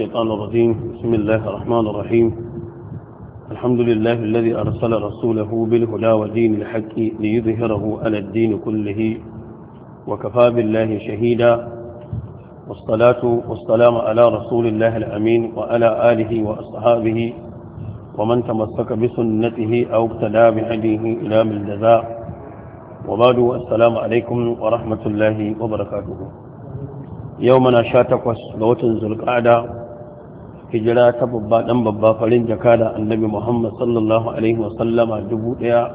الشيطان الرجيم بسم الله الرحمن الرحيم الحمد لله الذي أرسل رسوله بالهدى ودين الحق ليظهره على الدين كله وكفى بالله شهيدا والصلاة والسلام على رسول الله الأمين وعلى آله وأصحابه ومن تمسك بسنته أو ابتدى بهديه إلى من جزاء وبعد السلام عليكم ورحمة الله وبركاته يومنا نشاتك لوتن ذو القعده hijira ta babba dan babba farin jaka da annabi muhammad sallallahu alaihi wasallama dubu da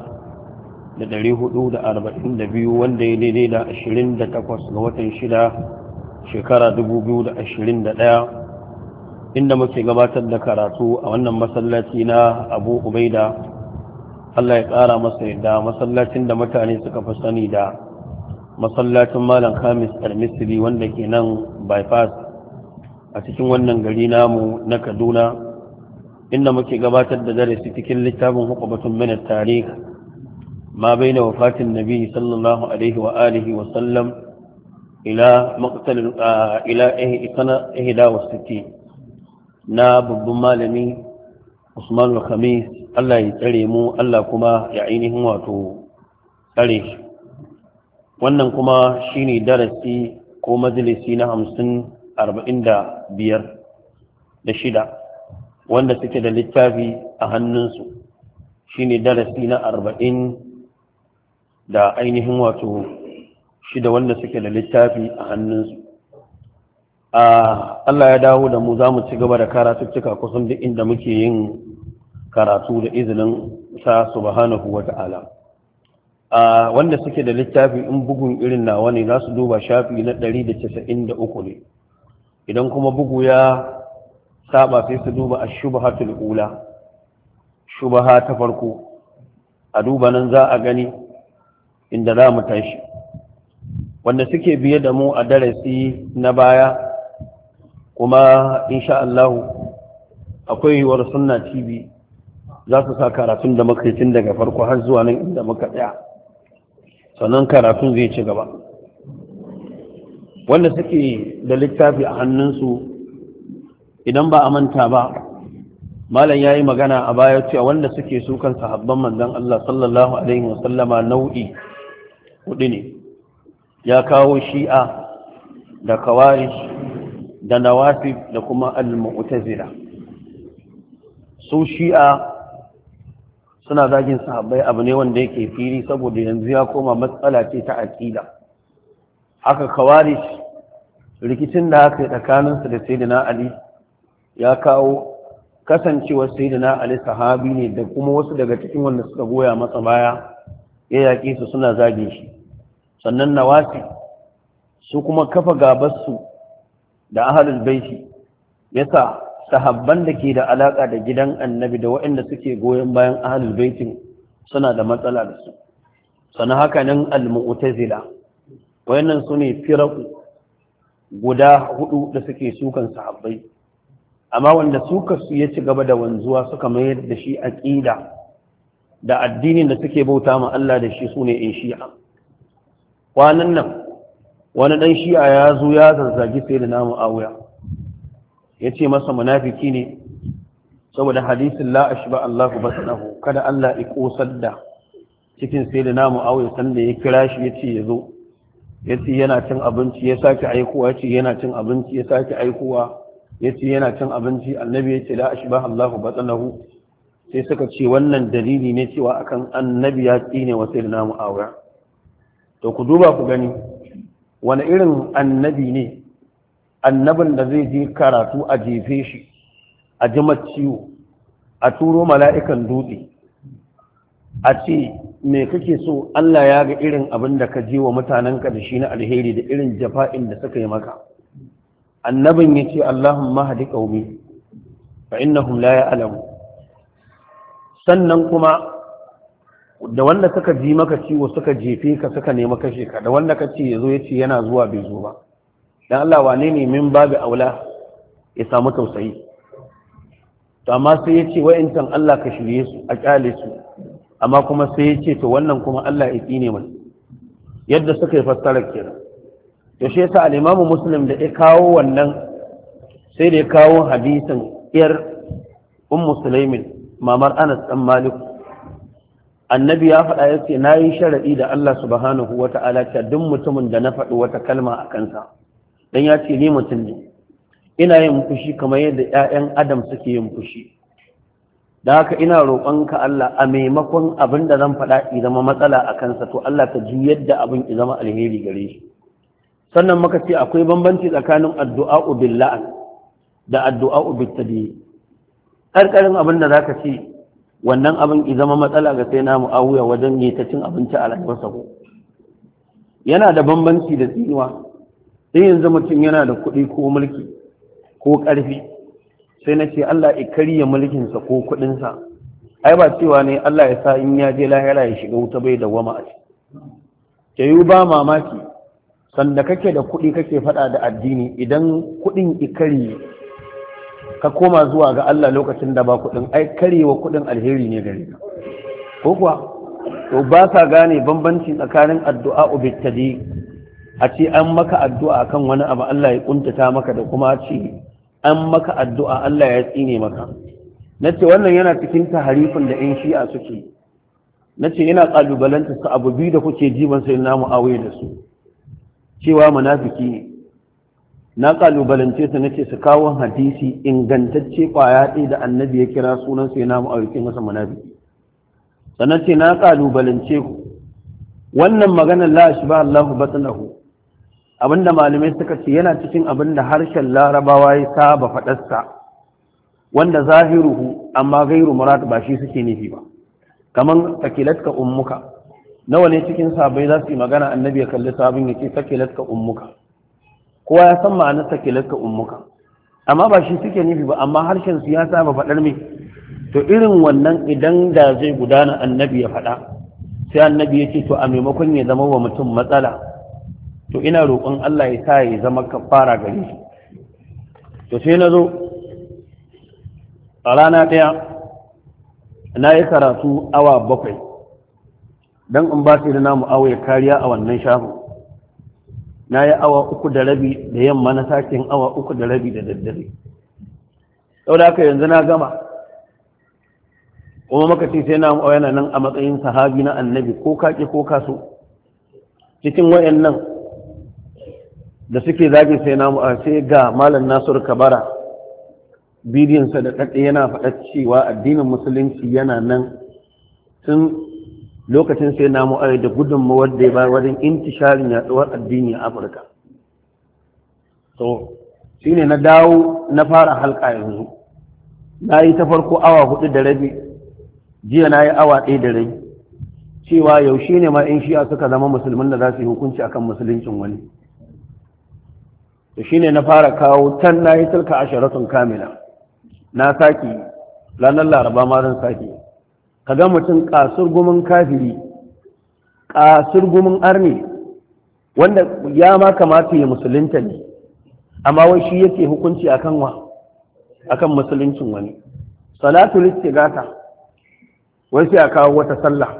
hudu da arba'in da biyu wanda ya daidai da ashirin da takwas ga watan shida shekara dubu biyu da ashirin da ɗaya. inda muke gabatar da karatu a wannan masallaci na abu ubaida allah ya ƙara masa yadda masallacin da mutane suka fi sani da masallacin malam kamis al wanda ke nan bypass a cikin wannan gari namu na kaduna inda muke gabatar da darasi cikin littafin hukumatun mana tarih ma bai na wafatin nabi sallallahu alaihi wa alihi wa sallam ila maqtalin ila na babban malami Usman al-Khamis Allah ya tsare mu Allah kuma ya ainihin wato tsare wannan kuma shine darasi ko majalisi na hamsin arba'in da biyar da shida wanda suke da littafi a hannunsu Shi ne darasi na arba'in da ainihin wato shida wanda suke da littafi a hannunsu Allah ya dawo da mu za mu ci gaba da cika kusan duk inda muke yin karatu da izinin sa subhanahu wa ta'ala wanda suke da littafi in bugun irin nawa ne za su duba shafi na 193 ne idan kuma bugu ya saba sai su duba a shubhatul ula shubha ta farko a duba nan za a gani inda za mu tashi wanda suke biye da mu a darasi na baya kuma insha Allah akwai yiwuwar sunna tv za su sa karatun da muka daga farko har zuwa nan inda muka tsaya sannan karatun zai ci gaba wanda suke da littafi a hannunsu idan ba a manta ba malam ya yi magana a baya cewa wanda suke sukan sahabban manzan Allah sallallahu alaihi wasallama nau'i hudu ne ya kawo shi'a da kawarish da nawasif da kuma al-mu'tazila su shi'a suna zagin sahabbai abu ne wanda yake fili saboda yanzu ya koma matsala ce ta aqida Aka kawari rikicin da aka yi tsakaninsu da sayyidina ali ya kawo kasancewar sayyidina ali sahabi ne da kuma wasu daga cikin wanda suka goya masa baya ya yaƙe su suna zage shi sannan nawasi su kuma kafa gabarsu da ahalul baiti yasa sahabban da ke da alaƙa da gidan annabi da waɗanda suke goyon bayan ahalul baitin suna da matsala da su sannan haka nan al-mu'tazila wayannan su ne firaku guda hudu da suke sukan sahabbai amma wanda suka su ya ci gaba da wanzuwa suka mayar da shi aqida da addinin da suke bauta ma Allah da shi sune in shi'a kwanan nan wani dan shi'a ya zo ya zazzagi sai da namu awuya ya masa munafiki ne saboda hadisin la ashba Allahu basnahu kada Allah ya kosar da cikin sai da namu awuya sanda ya kira shi ya ce ya zo ya ce yana cin abinci ya sake aikowa ya ce yana cin abinci ya sake aikowa ya ce yana cin abinci annabi ya ce la ashba Allahu batsanahu sai suka ce wannan dalili ne cewa akan annabi ya tsine wa sayyidina Muawiya to ku duba ku gani wani irin annabi ne annabin da zai je karatu a jefe shi a ji ciwo a turo mala'ikan dutse a ce me kake so Allah ya ga irin abin da ka je wa mutanenka da shi na alheri da irin jafa'in da suka yi maka annabin ya ce Allahumma hadi qaumi fa innahum la ya'lamu sannan kuma da wanda suka ji maka ciwo suka jefe ka suka nemi kashe ka da wanda ka ce ya ce yana zuwa bai zo ba dan Allah wane ne min babu aula ya samu tausayi to amma sai ce, wa'intan Allah ka shirye su a kyale su amma kuma sai ya ce to wannan kuma Allah ya tsine mai yadda suka yi fassarar kenan to shi yasa al imamu Muslim da ya kawo wannan sai da ya kawo hadisin yar Ummu Sulaimin mamar Anas dan Malik annabi ya faɗa ya ce na yi sharaɗi da Allah subhanahu wata'ala ta'ala ta duk mutumin da na faɗi wata kalma a kansa dan ya ce ni mutum ne ina yin fushi kamar yadda ƴaƴan adam suke yin fushi da haka ina roƙonka Allah a maimakon abin da zan faɗa i zama matsala a kansa to Allah ka ji yadda abin i zama alheri gare shi sannan muka ce akwai bambanci tsakanin addu'a billah da addu'a bil tadi karkarin abin da zaka ce wannan abin i zama matsala ga sai na mu'awiya wajen yi cin abinci a rayuwarsa ko yana da bambanci da tsinuwa sai yanzu mutum yana da kuɗi ko mulki ko ƙarfi sai na ce Allah ya karya sa ko sa. ai ba cewa ne Allah ya sa in ya je lahira ya shiga wuta bai da a ciki ke yi ba mamaki sanda kake da kuɗi kake faɗa da addini idan kuɗin ikari ka koma zuwa ga Allah lokacin da ba kuɗin ai karewa kuɗin alheri ne gare ka ko kuwa to ba sa gane bambanci tsakanin addu'a ubittadi a ce an maka addu'a kan wani abu Allah ya kuntata maka da kuma ce an maka addu'a Allah ya tsine maka na ce wannan yana cikin taharifin da 'yan shi'a suke na ce yana ƙalubalanta su abu biyu da kuke jiban sai na mu'awai da su cewa munafiki ne na ƙalubalance su na ce su kawo hadisi ingantacce ƙwaya ɗaya da annabi ya kira sunan sai na mu'awai ke masa munafiki sannan ce na ƙalubalance ku wannan maganar la shi ba Allah batnahu Abin da malamai suka ce yana cikin abinda harshen larabawa ya saba faɗarsa wanda zahiruhu amma gairu murad ba shi suke nufi ba kaman takilatka ummuka nawa ne cikin sabai za su yi magana annabi ya kalli sabon ya ce takilatka ummuka kowa ya san ma'ana takilatka ummuka amma ba shi suke nufi ba amma harshen su ya saba faɗar mai to irin wannan idan da zai gudana annabi ya faɗa sai annabi ya ce to a maimakon ya zama wa mutum matsala to ina roƙon Allah ya sa ya zama kafara gare shi to sai na zo a rana ɗaya na yi karatu awa bakwai don in ba su da namu awa ya kariya a wannan shafin na yi awa uku da rabi da yamma na sakin awa uku da rabi da daddare sau da haka yanzu na gama kuma maka ce sai na yana nan a matsayin sahabi na annabi ko kaƙi ko kaso cikin wayannan da suke zage sai namu a sai ga malam nasiru kabara bidiyonsa da ɗaɗɗe yana faɗa cewa addinin musulunci yana nan tun lokacin sai namu a da gudunmawar da ya bayar wajen intisharin yaɗuwar addini a afirka to shi ne na dawo na fara halka yanzu na yi ta farko awa hudu da rabi jiya na yi awa ɗaya da rabi cewa yaushe ne ma in shi'a suka zama musulmin da za su yi hukunci akan musuluncin wani to shine na fara kawo tan na yi tilka asharatun kamila na saki ranar laraba ma zan saki ga mutum kasur gumin kafiri kasur gumin arni wanda ya ma kamata ya musulunta ne amma wai shi yake hukunci akan wa akan musuluncin wani salatul gata, wai sai a kawo wata sallah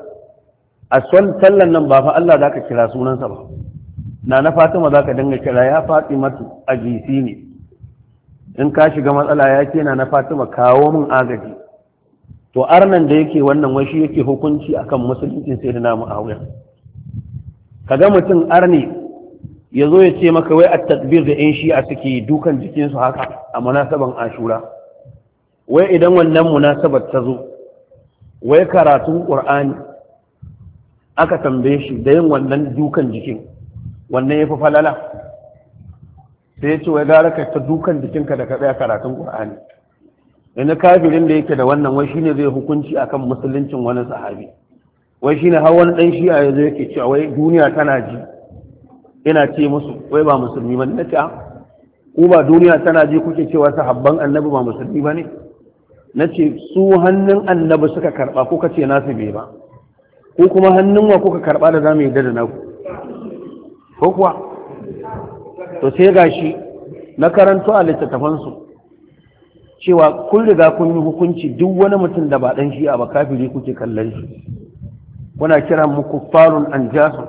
a son sallan nan ba fa Allah zaka kira sunansa ba na na fatima za ka dinga kira ya faɗi matu a jisi ne in ka shiga matsala ya ce na na fatima kawo min agaji to arnan da yake wannan wai yake hukunci akan musulunci sai da namu a wuyan ga mutum arni ya zo ya ce maka wai a tasbir da shi a suke dukan jikinsu haka a munasaban ashura wai idan wannan munasabar ta zo wai karatun ƙur'ani aka tambaye shi da yin wannan dukan jikin wannan ya fi falala sai ya ce wai gara ka ta dukan jikinka da ka tsaya karatun ƙwa'ani yanzu kafirin da yake da wannan wai shine zai hukunci akan musuluncin wani sahabi wai shine har wani shi a yanzu yake ce wai duniya tana ji ina ce musu wai ba musulmi ba na nace ah, ku ba duniya tana ji kuke cewa sahabban annabi ba musulmi ba ne? Na ce su hannun annabi suka karɓa kuka ce nasu bai ba ko kuma hannun wa kuka karɓa da zamu yadda da naku ko kuwa to sai shi na karanto a littattafansu cewa kun riga kun yi hukunci duk wani mutum da ba dan shi a bakafiri kuke kallon shi kuna kiran mu kuffarun anjasu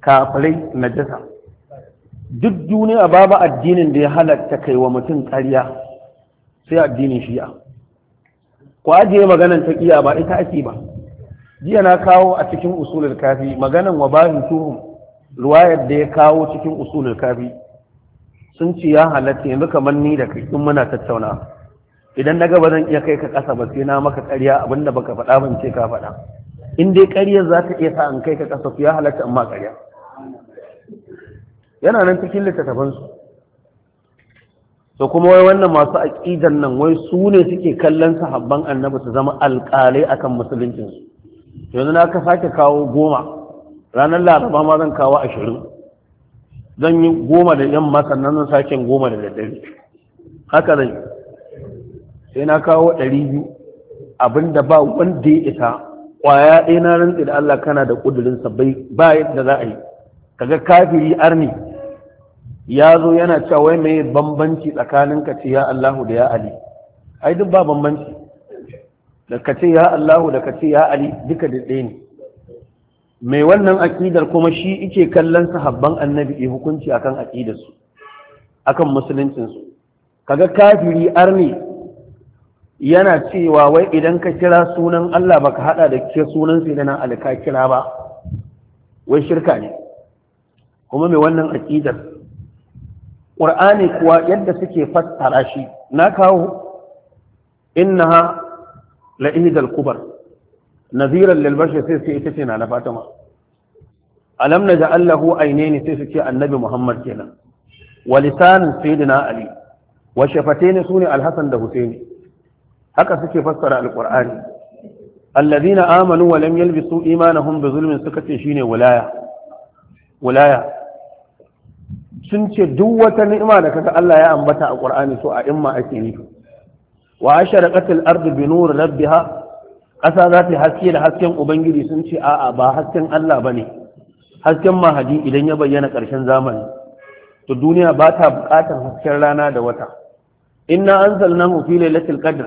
kafirai jasa duk duniya babu addinin da ya halatta kai wa mutum ƙarya sai addinin shi'a ku ajiye maganan taqiya ba ita ake ba jiya na kawo a cikin usulul kafi maganan wa bahin tuhum ruwayar da ya kawo cikin usulul kafi sun ce ya halatta yanzu kamar ni da kai in muna tattauna idan na gaba zan iya kai ka ƙasa ba sai na maka ƙarya abinda baka faɗa ban ce ka faɗa in dai ƙaryar za ta iya sa an kai ka ƙasa ya halatta amma ƙarya yana nan cikin su. To kuma wai wannan masu aƙidan nan wai su ne suke kallon sahabban annabi su zama alƙalai akan musuluncinsu yanzu na ka sake kawo goma ranar laraba ma zan kawo ashirin zan yi goma da yamma sannan zan sake goma da daddare haka zai sai na kawo ɗari biyu abinda ba wanda ya isa ƙwaya ɗaya na rantsi da Allah kana da ƙudurin sabbai ba yadda za a yi kaga kafiri arni ya zo yana cewa wai mai bambanci tsakanin ka ce ya Allahu da ya Ali ai duk ba bambanci da ka ce ya Allahu da ka ce ya Ali duka da ɗaya ne mai wannan aƙidar kuma shi ike kallon sahabban annabi ya hukunci akan aƙidarsu akan musuluncinsu kaga kafiri arni yana cewa wai idan ka kira sunan Allah baka hada da ke sunan sai dana alka kira ba wai shirka ne kuma mai wannan aƙidar ƙur'ani kuwa yadda suke fassara shi na kawo innaha la kubar naziran lil bashar sai sai ita ce na na fatima alam naj'al lahu ne sai su ce annabi Muhammad kenan wa lisan sayyidina Ali wa ne sune al da Husaini haka suke fassara al-Qur'ani alladhina amanu wa lam yalbisu imanahum bi zulmin suka ce shine wilaya wilaya sun ce duk wata ni'ima da kaga Allah ya ambata a Qur'ani so a imma ake nufi wa asharaqat al-ardu bi nur rabbiha ƙasa za ta haske da hasken ubangiji sun ce a'a ba hasken Allah bane hasken mahadi idan ya bayyana ƙarshen zamani to duniya ba ta buƙatar hasken rana da wata inna anzalnahu fi lailatul qadr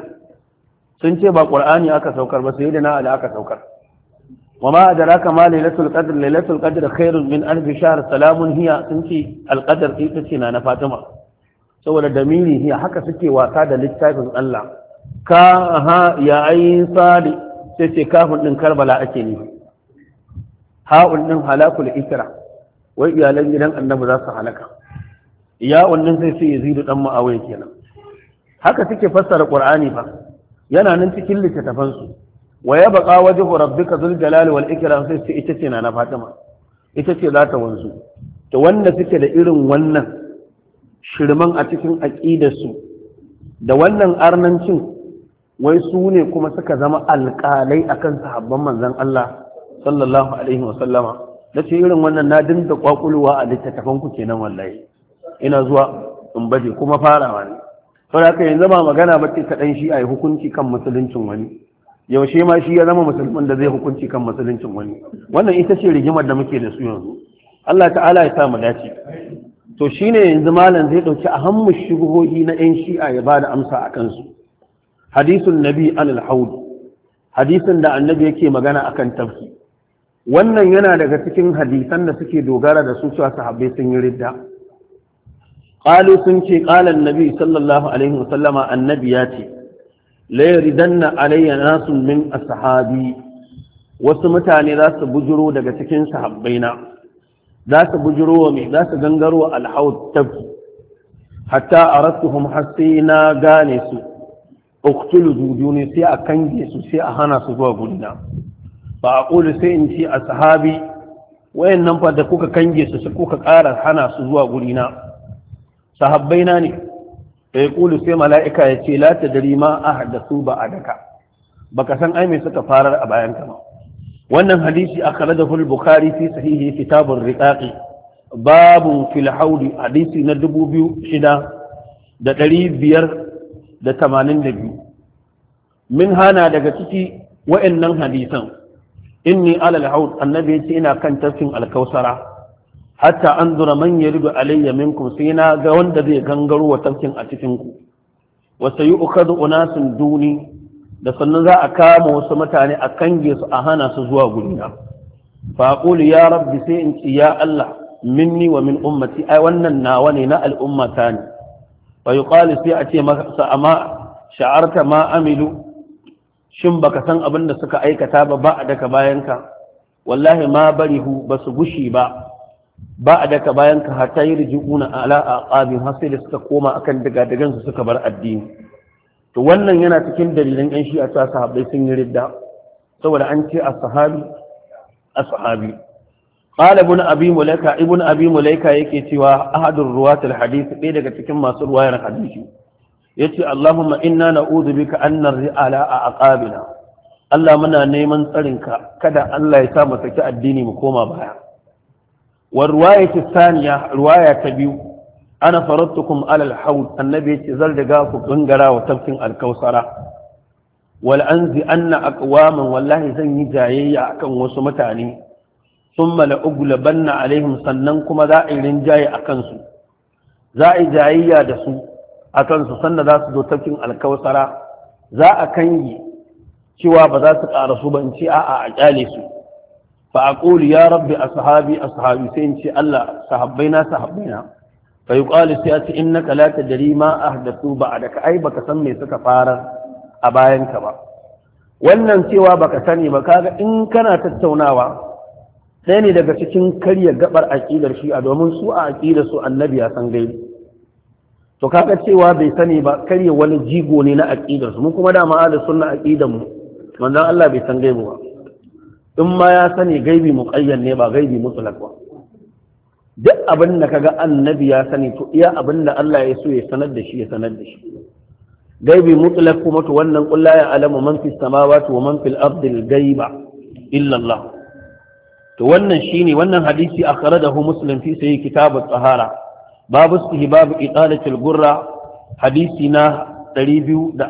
sun ce ba qur'ani aka saukar ba sai da na ala aka saukar wa ma adraka ma lailatul qadr lailatul qadr khairun min alf shahr salamun hiya sun ce al qadr ita ce na na fatima saboda damiri hiya haka suke wasa da littafin Allah ka ha ya ayin sadi sai ce kafin din karbala ake nufi ha'un halakul isra wai iyalan gidan annabi za su halaka ya wannan sai sai yazidu dan ma'awai kenan haka suke fassara ƙur'ani fa yana nan cikin littattafansu wa ya baqa wajhu rabbika zul jalali wal ikram sai sai ita ce na na fatima ita ce za ta wanzu to wanda suke da irin wannan shirman a cikin aqidar da wannan arnancin wai su ne kuma suka zama alƙalai akan sahabban manzon Allah sallallahu alaihi wa sallama na ce irin wannan na dinga kwakulowa a littattafan ku kenan wallahi ina zuwa in baje kuma farawa ne sau da yanzu ba magana ba ce kaɗan shi a yi hukunci kan musuluncin wani yaushe ma shi ya zama musulmin da zai hukunci kan musuluncin wani wannan ita ce rigimar da muke da su yanzu Allah ta'ala ya sa mu dace to shine yanzu malam zai dauki ahammu shubuhohi na yan shi'a ya bada amsa a kansu hadisun nabi al al hadisin da annabi yake magana akan tafki wannan yana daga cikin hadisan da suke dogara da su cewa sahabbai sun yi ridda qalu sun ce qala annabi sallallahu alaihi wasallama annabi ya ce la yaridanna alayya nasun min ashabi wasu mutane za su bujuro daga cikin sahabbaina za su bujuro wa me za su gangaro alhaud tab hatta aratuhum na gane su uqtulu duduni sai a kange su sai a hana su zuwa gudna ba a ƙoli sai in ce a sahabi wayan nan fa da kuka kange su su kuka ƙara hana su zuwa gurina sahabbai na ne da ya ƙoli sai mala'ika ya ce lati da dari ma a haddasu ba a daka Ba ka san ai me suka farar a bayan kama wannan hadisi a kare da hul bukari fi sahihi kitabun riƙaƙi babu fil hadisi na dubu biyu shida da ɗari biyar da tamanin da biyu min hana daga ciki nan hadisan inni alal haud annabi yace ina kan tafkin alkausara hatta anzura man yaridu alayya minkum sai na ga wanda zai gangaro wa tafkin a cikin ku wa sayu'khadhu unasun duni da sannan za a kama wasu mutane a kange su a hana su zuwa gurina fa aqulu ya rabbi sai in ci ya Allah minni wa min ummati ai wannan nawa ne na al'ummata ne fa yuqalu sai a ce masa amma sha'arta ma amilu shin baka san abin da suka aikata ba ba a daka bayanka wallahi ma hu, ba su gushi ba ba a daka bayanka hatta yi riji'una ala aqabin har sai da suka koma akan digadigan su suka bar addini to wannan yana cikin dalilan yan shi'a ta sahabbai sun yi ridda saboda an ce a sahabi as-sahabi qala ibn abi mulaika ibn abi mulaika yake cewa ahadur ruwatul hadith ɗaya daga cikin masu ruwayar hadisi yace Allahumma inna na'udhu bika an nar'ala a aqabina Allah muna neman tsarinka kada Allah ya sa mu saki addini mu koma baya wa riwayatu thaniya riwaya ta biyu ana farattukum alal haud annabi yace zan riga ku gangara wa tafkin alkausara wal anzi anna aqwaman wallahi zan yi jayayya akan wasu mutane ثم banna alaihim sannan kuma za a yi rinjaye a kansu za a yi jayayya da su a kansu sanda za su zo tafkin alkawasara za a kangi cewa ba za su ƙara su ban ce a'a a ƙyale su fa a ƙoli ya rabbi a sahabi a sahabi sai in ce Allah sahabbai na sahabbai na fa yi ƙwali sai a ce in na kalata da rima a haddatu ba a da ka ai baka san me suka fara a bayan ka ba wannan cewa baka sani ba kaga in kana tattaunawa ɗaya ne daga cikin karya gabar aƙidar shi a domin su a aƙidar su annabi ya san gaibi to kaga cewa bai sani ba karya wani jigo ne na aqidar su mu kuma da ahlus sunna aqidan mu manzon Allah bai san gaibu ba in ma ya sani gaibi muqayyad ne ba gaibi mutlaq ba duk abin da kaga annabi ya sani to iya abin da Allah ya so ya sanar da shi ya sanar da shi gaibi mutlaq kuma to wannan qul ya alamu man fis samawati wa man fil ardi al ghaiba illa Allah to wannan shine wannan hadisi akhrajahu muslim fi sahih kitab at-tahara babu istihbab iqalatul gurra hadisi na 249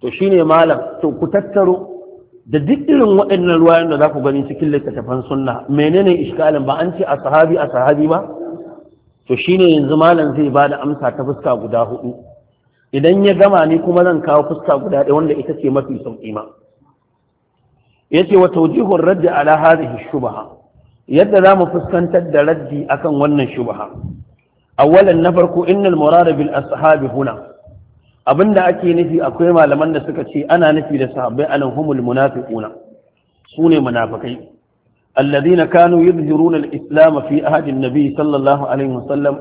to shine malam to ku tattaro da duk waɗannan ruwayan da za ku gani cikin littattafan sunna menene iskalin ba an ce a sahabi a sahabi ba to shine yanzu malam zai ba da amsa ta fuska guda huɗu? idan ya gama ni kuma zan kawo fuska guda ɗaya wanda ita ce mafi sauƙi ma yace wa tawjihur radd ala hadhihi shubha yadda za mu fuskantar da raddi akan wannan shubha awwalan na farko innal murad bil ashabi huna abinda ake nufi akwai malaman da suka ce ana nufi da sahabbai anan humul munafiquna sune munafikai alladhina kanu yuzhiruna al islam fi ahdi nabi sallallahu alaihi wasallam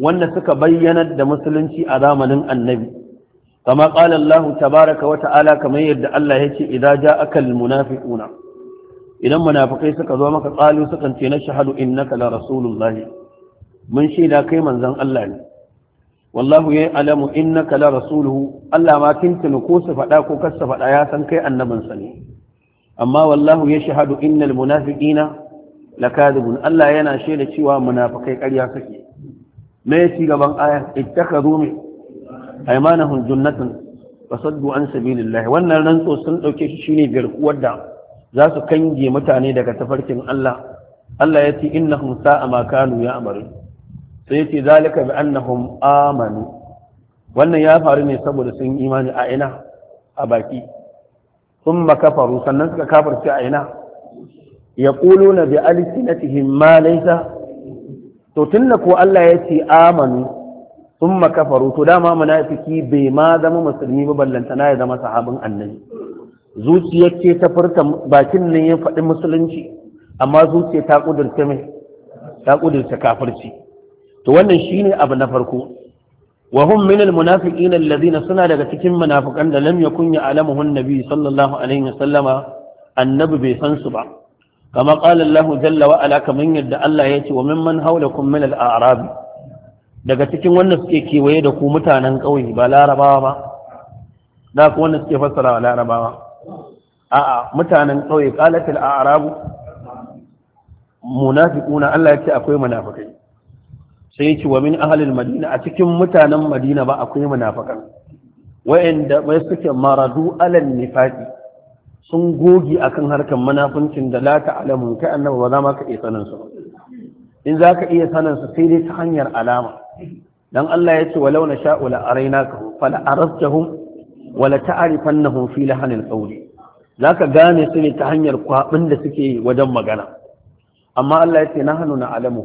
wanda suka bayyanar da musulunci a zamanin annabi kama qala Allah tabaaraka wa ta'ala kamar yadda Allah yace idza ja'aka al munafiquna idan munafikai suka zo maka qalu sukan ce na shahadu innaka la rasulullahi mun shaida kai manzon Allah ne wallahu ya alamu innaka la rasuluhu Allah ma tuntuni ko su faɗa ko kar su faɗa ya san kai annabin sa ne amma wallahu ya shahadu innal munafiqina lakadibun Allah yana shaida cewa munafikai ƙarya suke me ya ci gaban aya ittakhadhu min aymanahum jannatan fasaddu an sabilillah wannan rantso sun dauke shi shine garkuwar da za su kange mutane daga tafarkin Allah Allah ya ce innahum sa'a ma kanu ya'maru sai ya ce zalika bi annahum amanu wannan ya faru ne saboda sun imani a ina a baki thumma kafaru sannan suka kafirce a ina na bi alsinatihim ma laysa to tunda ko Allah ya ce amanu thumma kafaru to dama munafiki bai ma zama musulmi ba ballantana ya zama sahabin annabi zuciyar ce ta furta bakin nan ya faɗi musulunci amma zuciyar ta ƙudurta mai ta ƙudurta kafirci to wannan shine abu na farko wa hum min almunafiqina alladhina suna daga cikin munafiqan da lam yakun ya'lamuhu an-nabi sallallahu alaihi wasallama annabi bai san su ba kama qala Allah jalla wa ala kaman yadda Allah ya ce wa mimman hawlakum min al-a'rab daga cikin wannan suke kewaye da ku mutanen ƙauye ba larabawa ba da ku wanda suke fassara larabawa a'a mutanen kauye qalatil a'rabu munafiquna Allah yace akwai munafikai sai yace wa min ahlil madina a cikin mutanen madina ba akwai munafikan wa'anda wai suke maradu alal nifaqi sun gogi akan harkan munafincin da la ta'lamu kai annabi ba za ma ka iya sanin su in za ka iya sanin su sai dai ta hanyar alama dan Allah yace walau na sha'ula, la arainaka fala arastahum wala ta'rifannahum fi lahanil qawli za ka gane su ne ta hanyar kwaɓin da suke wajen magana amma Allah ya ce na hannu na alamu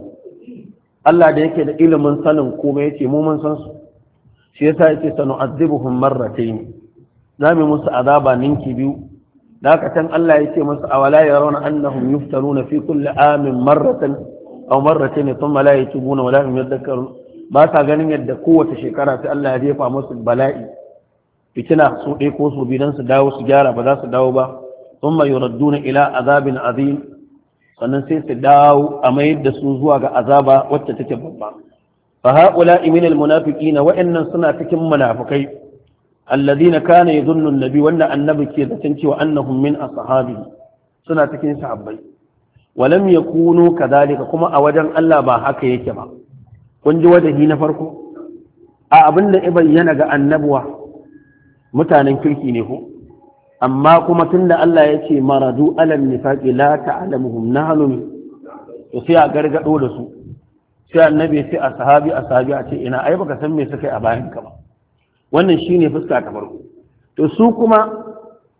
Allah da yake da ilimin sanin kuma ya ce mu mun san su shi yasa ya ce sanu azibuhum marratayn za mu musu azaba ninki biyu da ka can Allah ya ce musu awala yarawna annahum yuftaruna fi kulli amin marratan aw marratayn thumma la yatubuna wa la yadhakkarun ba sa ganin yadda kowace shekara sai Allah ya jefa musu bala'i fitina su ɗaya ko su biyu su dawo su gyara ba za su dawo ba sun mai na ila azabin azim sannan sai su dawo a mayar da su zuwa ga azaba wacce take babba fa haula min al munafiqina wa'annan suna cikin munafukai. alladhina kana yadhunnu nabi wanda annabi ke zaton cewa annahum min ashabihi suna cikin sahabbai walam yakunu kadhalika kuma a wajen Allah ba haka yake ba kun ji wajahi na farko a abinda bayyana ga annabuwa mutanen kirki ne ko amma kuma tunda Allah ya ce maradu alam nifaqi la ta'lamuhum nahnu to sai a gargado da su sai annabi sai a sahabi a sahabi a ce ina ai baka san me suka yi a bayan ka ba wannan shine fuska ta farko to su kuma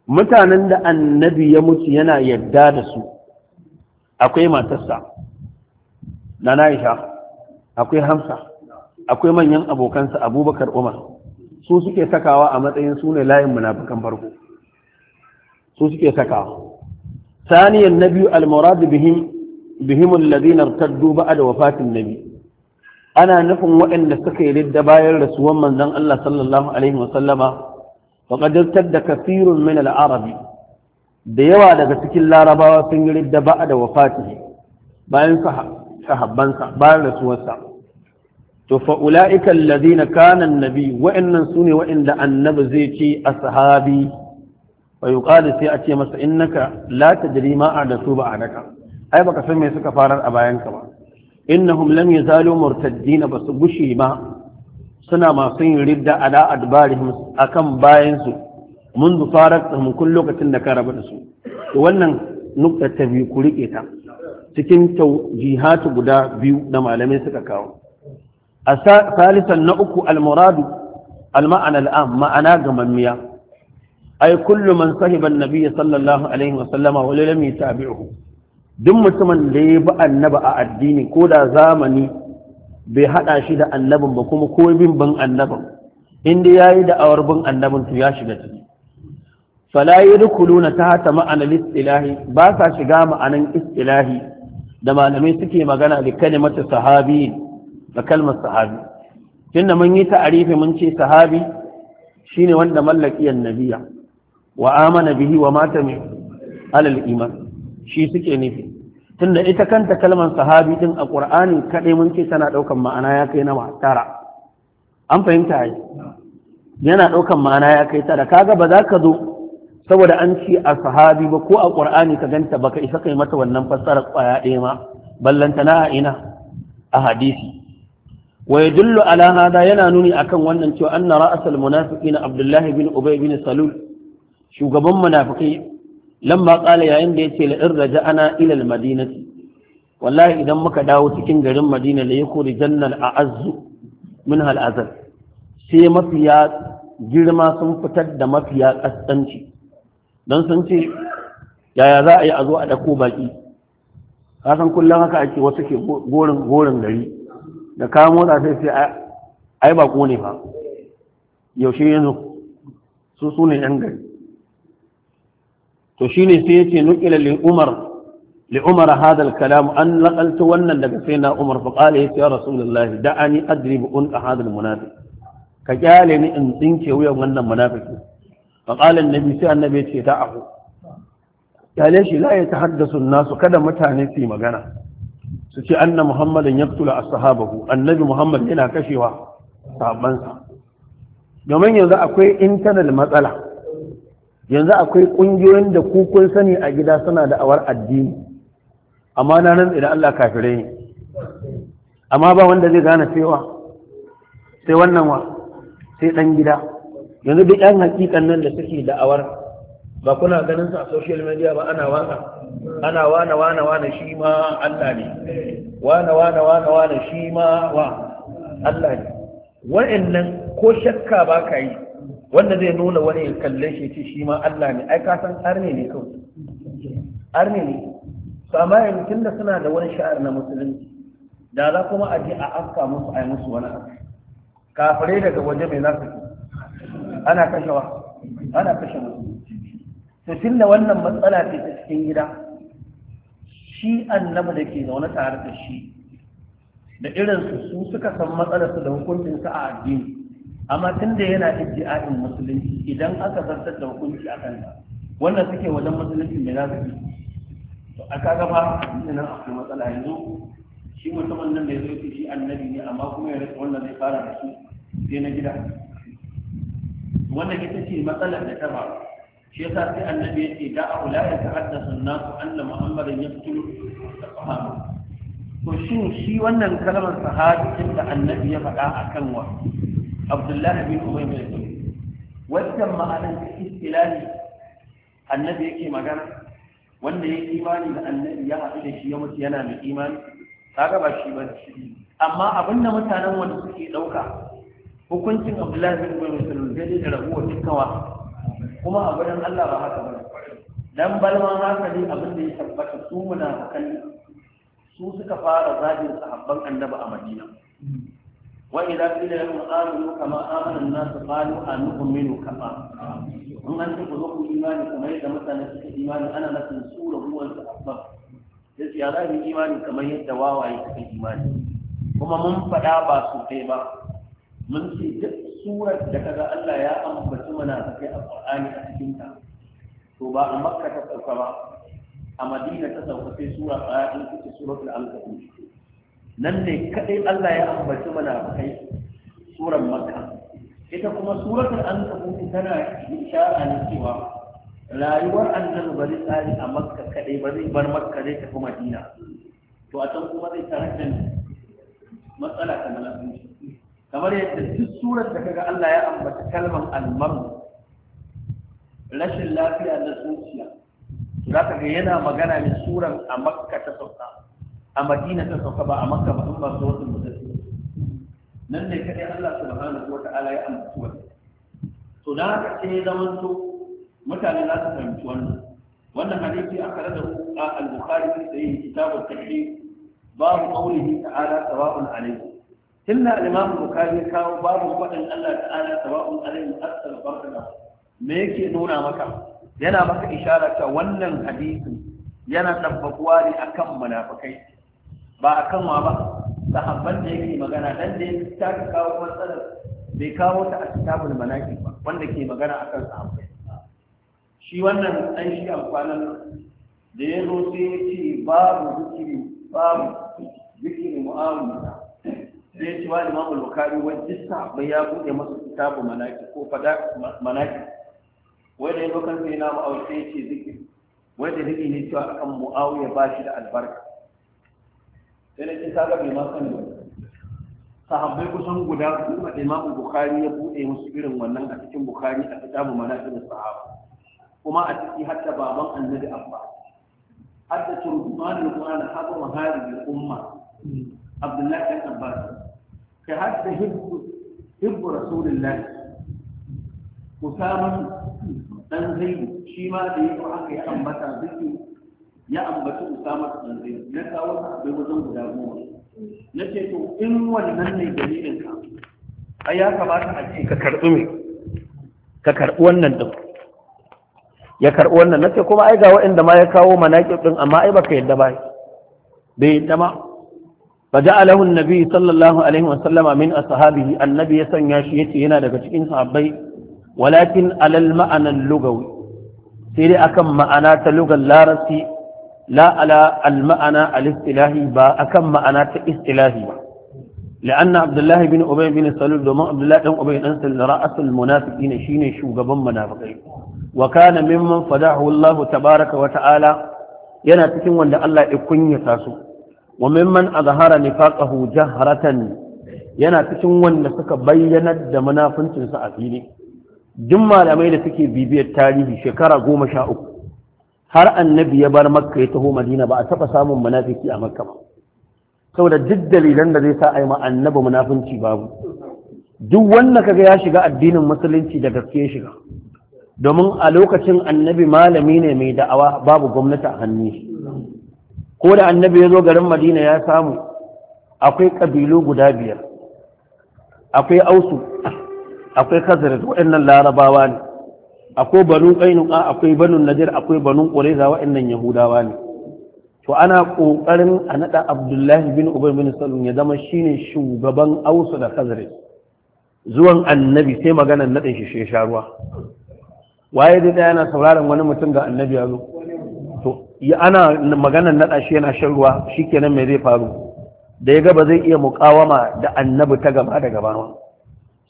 mutanen da annabi ya mutu yana yadda da su akwai matarsa na Aisha akwai Hamsa akwai manyan abokansa Abubakar Umar su suke sakawa a matsayin su ne layin munafikan farko su suke sakawa saniyan na biyu almurad bihim bihim alladhina irtaddu ba'da wafatin nabi ana nufin waɗanda suka yi ridda bayan rasuwan manzon Allah sallallahu alaihi wa sallama da irtadda min arabi da yawa daga cikin larabawa sun yi ridda da wafatihi bayan sahabbansa bayan rasuwarsa to fa ula'ika allazina kana annabi wa'annan sune wa'anda annabi zai ce ashabi wa yuqalu sai a ce masa innaka la tadri ma adathu ba'adaka ai baka san me suka farar a bayan ka ba innahum lam yazalu murtaddin basu gushi ba suna masu yin ridda ala adbarihim akan bayan su منذ فارقتهم كل لغة ذكر بدسو wannan nukta ta biyu ku rike ta cikin jihatu guda biyu da malamai suka kawo A salisan na uku almuradu alma'ana al'am ma'ana gamammiya ai kullu man sahiba annabi sallallahu alaihi wa sallama wa lam yatabi'uhu duk mutumin da ya bi annaba a addini ko da zamani bai haɗa shi da annabin ba kuma ko bin ban dai inda yayi da awar bin annabin to ya shiga ciki fala yadkhuluna tahta ma'ana al-istilahi ba sa shiga ma'anar istilahi da malamai suke magana da kalimatu sahabi da kalmar sahabi tunda mun yi ta'arifi mun ce sahabi shine wanda mallaki annabiya wa amana bihi wa mata min alal iman shi suke nufi tunda ita kanta kalmar sahabi din a qur'ani kadai mun ce tana daukan ma'ana ya kai na tara an fahimta ai yana daukan ma'ana ya kai tara kaga ba za ka zo saboda an ci a sahabi ba ko a qur'ani ka ganta baka isa kai mata wannan fassarar kwaya ɗaya ma ballantana a ina a hadisi Wai yadullu ala hada yana nuni akan wannan cewa anna ra'asal munafiqin Abdullah bin Ubay bin Salul shugaban munafiqai lamma qala yayin da yace la in ana ilal al madinati wallahi idan muka dawo cikin garin Madina la yakuri jannal a min hal azal sai mafiya girma sun fitar da mafiya kasanci dan sun ce yaya za a yi a zo a dako baki kasan kullum haka ake wasu ke gorin gari da kawo motsa sai sai ai ba ko ne fa yaushe yanzu su su ne yan gari to shi ne sai yace nukila li umar li umar hada kalam an laqaltu wannan daga sai na umar fa qala ya rasulullahi da'ani adrib unqa hada al munafiq ka kyale ni in tsinke wuyan wannan munafiki fa qala annabi sai annabi ya ce ta ahu kyale shi la ya tahaddasu nasu kada mutane su magana su ce anna muhammadan yaqtulu ashabahu annabi muhammad yana kashewa sabansa domin yanzu akwai intanet matsala yanzu akwai ƙungiyoyin da kukun sani a gida suna da awar addini amma na nan idan Allah kafirai ne amma ba wanda zai gane cewa sai wannan wa sai ɗan gida yanzu duk yan hakikan nan da suke da awar ba kuna ganin su a social media ba ana waka ana wane wane wane shi ma Allah ne wane wane wane wane shi ma wa Allah ne wa'annan ko shakka ba ka yi wanda zai nuna wani ya kalle shi ce shi ma Allah ne ai ka san arne ne kawai arne ne to amma yanzu tunda suna da wani sha'ar na musulunci da za kuma a je a afka musu a yi musu wani abu kafare daga waje mai za su ana kashewa ana kashe musu to tunda wannan matsala ce ta cikin gida shi annabi da ke zaune tare da shi da irinsu su suka san matsalarsu da hukuncinsu a addini amma tun da yana ijti'a'in musulunci idan aka zartar da hukunci a kanta wannan suke wajen musulunci mai zafi to a kaga fa nan akwai matsala yanzu shi mutumin nan da ya zo shi annabi ne amma kuma ya rasa wannan zai fara da shi sai na gida wannan ita ce matsalar da ta faru shi yasa sai annabi ya ce da abu la ya ta'addasa nasu anna muhammadin yaqtulu sahaba to shin shi wannan kalmar sahabi din da annabi ya faɗa akan wa abdullahi bin ubay bin salul wannan ma'anar ta istilali annabi yake magana wanda ya imani da annabi ya haɗu da shi ya mutu yana mai imani kaga ba shi ba amma abin da mutanen wanda suke ɗauka hukuncin abdullahi bin ubay bin salul da rabuwa dukkan kuma a gurin Allah ba haka ba dan balma haka ne abin da ya tabbata su muna munafikan su suka fara zagin sahabban annabi a Madina wa idza qila lahum amanu kama amana an-nas qalu anu'minu kama in an ce ku zo ku imani kamar yadda mutane suka imani ana nufin su rabuwar sahabban yace ya zamu imani kamar yadda wawaye suka imani kuma mun faɗa ba su kai ba mun ce duk surar da kaga Allah ya ambaci munafikai a Qur'ani a cikin ta to ba a Makka ta sauka ba a Madina ta sauka sai sura ayatin ita suratul al-ankabut nan ne kadai Allah ya ambaci munafikai surar Makka ita kuma suratul al-ankabut tana ishara ne cewa rayuwar annabi ba zai tsari a Makka kadai ba zai bar Makka zai tafi Madina to a can kuma zai tare da matsala ta munafikai kamar yadda duk surar da kaga Allah ya ambata kalmar almaru rashin lafiya na zuciya za ka ga yana magana ne suran a makka ta sauka a madina ta sauka ba a makka ba in ba su wasu mutum nan ne kaɗai Allah subhanahu wa ta'ala ya ambata wani to da haka sai ya zamanto mutane za su fahimci wannan wannan hadisi aka rada a al-bukhari sai kitabul tafsir babu qawlihi ta'ala sawa'un alayhi tunda الإمام imam bukhari kawo babu faɗin Allah ta'ala sawa'un alaihi asal barka me yake nuna maka yana maka ishara ta wannan hadisin yana tabbakuwa ne akan ba akan wa ba sahabban da yake magana dan da yake ta kawo matsalar bai kawo ta a kitabul manaki ba wanda ke magana akan sahabbai shi wannan an shi da ya zo sai ya ce babu zikiri mu'amala zai ci wani imamu bukari wani jista bai ya buɗe masa kitabu manaki ko fada manaki wai da yanzu kan sai na ma'aure sai ce zikiri wai da zikiri ne cewa akan mu'awiya ba shi da albarka sai na ce saka bai masan da ba sahabbai kusan guda kuma da imamu bukari ya buɗe musu irin wannan a cikin bukari a kitabu manaki da sahaba kuma a ciki hatta baban annabi abba hatta turjuman al-qur'an haɗa mahari umma abdullahi ibn abbas ka hadda hibbu رسول الله usama dan zaidu shi ma da yake haka ya ambata zikri ya ambaci usama dan na kawo akwai wajen guda goma na ce to in wannan ne ya kamata wannan din ya kuma ai ga waɗanda ma ya kawo manaƙib ɗin, amma ai baka yadda ba bai yadda ma فجعله النبي صلى الله عليه وسلم من أصحابه النبي سنيا شيتي هنا daga cikin sahabbai walakin alal ma'ana lugawi sai dai akan ma'ana ta lugar larasi la ala al ba akan ma'ana ta istilahi ba لأن عبد الله بن أبي بن سلول دوما عبد الله بن أبي أنس رأس المنافقين شين شوغبا منافقين وكان ممن فدعه الله تبارك وتعالى yana cikin wanda Allah ya kunyata su wa mimman azhara nifaqahu jahratan yana cikin wanda suka bayyanar da munafincin a fili duk malamai da suke bibiyar tarihi shekara goma sha uku har annabi ya bar makka ya taho madina ba a taɓa samun munafiki a makka ba saboda duk dalilan da zai sa a yi ma annabi munafunci babu duk wanda kaga ya shiga addinin musulunci da gaske shiga domin a lokacin annabi malami ne mai da'awa babu gwamnati a hannu shi ko da annabi ya zo garin madina ya samu akwai kabilu guda biyar akwai ausu akwai kazarar waɗannan larabawa ne akwai banu ƙainuka akwai banu najir akwai banu ƙureza waɗannan yahudawa ne to ana ƙoƙarin a naɗa abdullahi bin ubay bin salun ya zama shine shugaban ausu da kazarar zuwan annabi sai maganar naɗin shi shi ruwa waye da yana sauraron wani mutum ga annabi ya zo ana maganar naɗa shi yana shan ruwa shi me mai zai faru da ya gaba zai iya mukawama da annabi ta gaba da gaba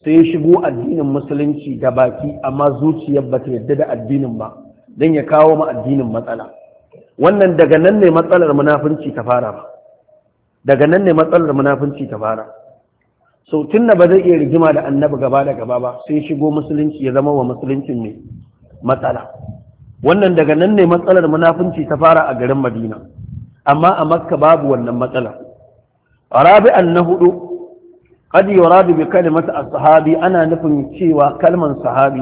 sai ya shigo addinin musulunci da baki amma zuciyar ba ta yadda da addinin ba don ya kawo ma addinin matsala wannan daga nan ne matsalar munafunci ta fara ba daga nan ne matsalar munafunci ta fara sau tun da ba zai iya rigima da annabi gaba da gaba ba sai shigo musulunci ya zama wa musuluncin mai matsala wannan daga nan ne matsalar munafunci ta fara a garin madina amma a makka babu wannan matsala rabi'an na hudu qad yuradu bi kalimati a sahabi ana nufin cewa kalman sahabi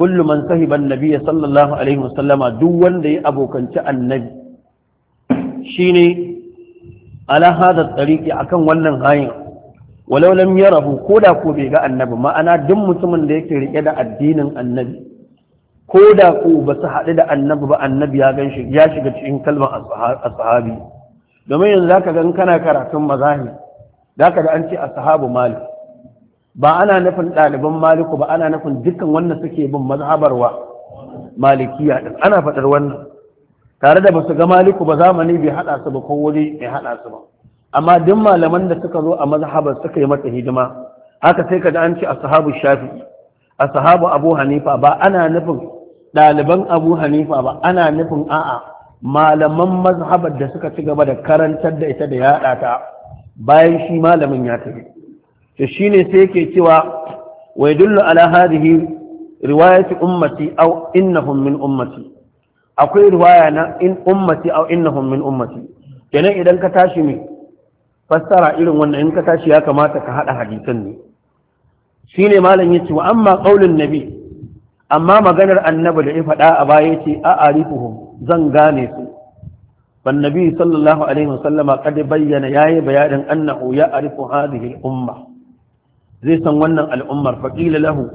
kullu man sahiba an sallallahu alaihi wasallama duk wanda ya abokanci annabi shine ala hada tsariki akan wannan hanyar walau lam yarahu ko da ko bai ga annabi ma'ana duk mutumin da yake rike da addinin annabi ko da ko ba su haɗu da annabi ba annabi ya gan shi ya shiga cikin kalmar ashabi domin yanzu zaka ga gan kana karatun mazahi zaka ga an ce ashabu malik ba ana nufin ɗaliban maliku ba ana nufin dukkan wanda suke bin mazhabarwa malikiya din ana faɗar wannan tare da basu ga maliku ba zamani bai haɗa su ba ko wuri bai haɗa su ba amma duk malaman da suka zo a mazhabar suka yi mata hidima haka sai ka kaji an ce ashabu shafi'i ashabu abu hanifa ba ana nufin ɗaliban abu hanifa ba ana nufin a'a malaman mazhabar da suka ci gaba da karantar da ita da yaɗa ta bayan shi malamin ya tafi to shine sai yake cewa wa yadullu ala hadhihi riwayati ummati aw innahum min ummati akwai riwaya na in ummati aw innahum min ummati kenan idan ka tashi ne fassara irin wannan in ka tashi ya kamata ka hada hadisan ne shine malam yace wa amma qaulun nabi amma maganar annabi da ya faɗa a baya ce a arifuhum zan gane su ban nabi sallallahu alaihi wasallama kad bayyana yayi bayanin annahu ya arifu hadhihi al-umma zai san wannan al'ummar faqila lahu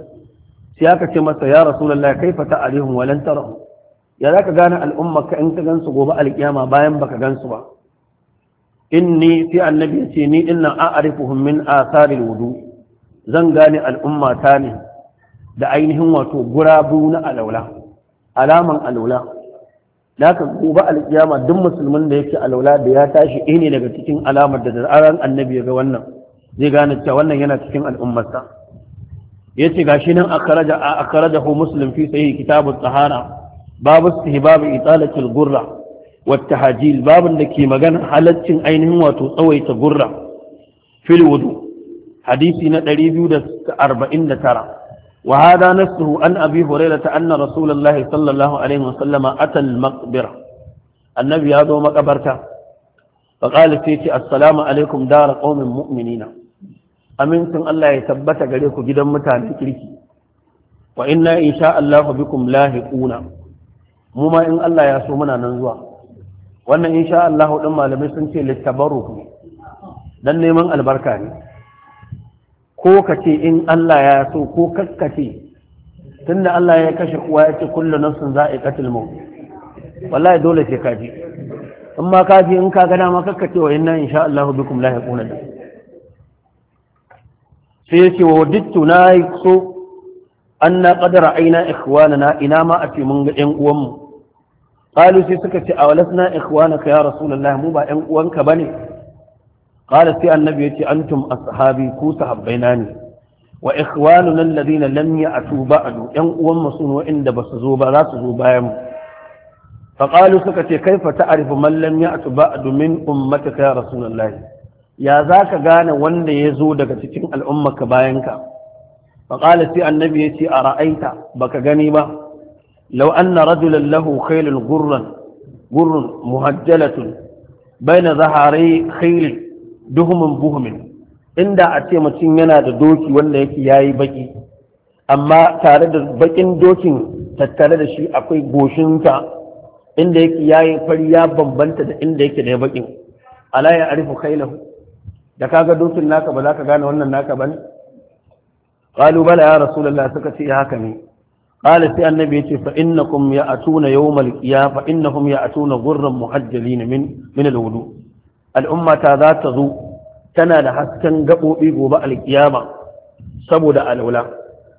sai aka ce masa ya rasulullah kaifa ta'rifun wa lan tarahu ya zaka gane al'umma ka in ka gansu gobe alkiyama bayan baka gansu ba inni sai annabi ce ni dinnan a arifuhum min asaril wudu zan gane al'umma ta ne da ainihin wato gurabu na alaula alaman alaula da ka gobe alkiyama duk musulmin da yake alaula da ya tashi ɗaya ne daga cikin alamar da zararen annabi ya ga wannan zai gane cewa wannan yana cikin al'ummarsa ya ce gashi nan a karaja ho musulun fi sayi kitabun tsahara babu istihbabu italatul gurra wata hajil babin da ke magana halaccin ainihin wato tsawaita gurra fil wudu hadisi na 249 وهذا نفسه عن أبي هريرة أن رسول الله صلى الله عليه وسلم أتى المقبرة النبي هذا مقبرته فقال سيتي السلام عليكم دار قوم مؤمنين أمنتم الله يثبت عليكم جدا متى كريكي وإنا إن شاء الله بكم لاهقون مما إن الله يسومنا ننزوا وأن إن شاء الله لما لم يسنتي للتبرك لن من البركة ko ka ce in Allah ya so ko kakkace tunda Allah ya kashe kowa ya ce kullu nafsin za'iqatul mu? wallahi dole sai ka ji in ma ka in ka ga dama kakkace wa inna insha Allah bikum la yaquna da sai yace wa dittu na so anna qad ra'ayna ikhwanana ina ma a ce mun ga ƴan uwan mu qalu sai suka ce awalasna ikhwanaka ya rasulullah mu ba ƴan uwanka bane qala sai annabi yace antum ashabi ku sahabbaina ne wa ikhwanuna alladhina lam ya'tu ba'du yan uwan mu sun wa'inda basu zo ba za su zo bayan mu فقالوا سكتي كيف تعرف من لم يأت بعد من أمتك يا رسول الله يا ذاك غانا وند يزو daga cikin ka bayanka فقال سي النبي يتي أرأيت بك غني با لو أن رجلا له خيل غر غر مهجلة بين ظهري خيل duhumin buhumin inda a ce mutum yana da doki wanda yake yayi baki amma tare da bakin dokin tattare da shi akwai goshinka inda yake yayi fari ya bambanta da inda yake da bakin ala ya arifu khailahu da kaga dokin naka ba za ka gane wannan naka ba ne qalu bala ya rasulullah suka ce haka ne qala sai annabi yace fa innakum ya'tuna yawmal qiyamah fa innahum ya'tuna ghurran muhajjalin min min alwudu' al'ummata za ta zo tana da hasken gaɓoɓi gobe alƙiyama saboda alwala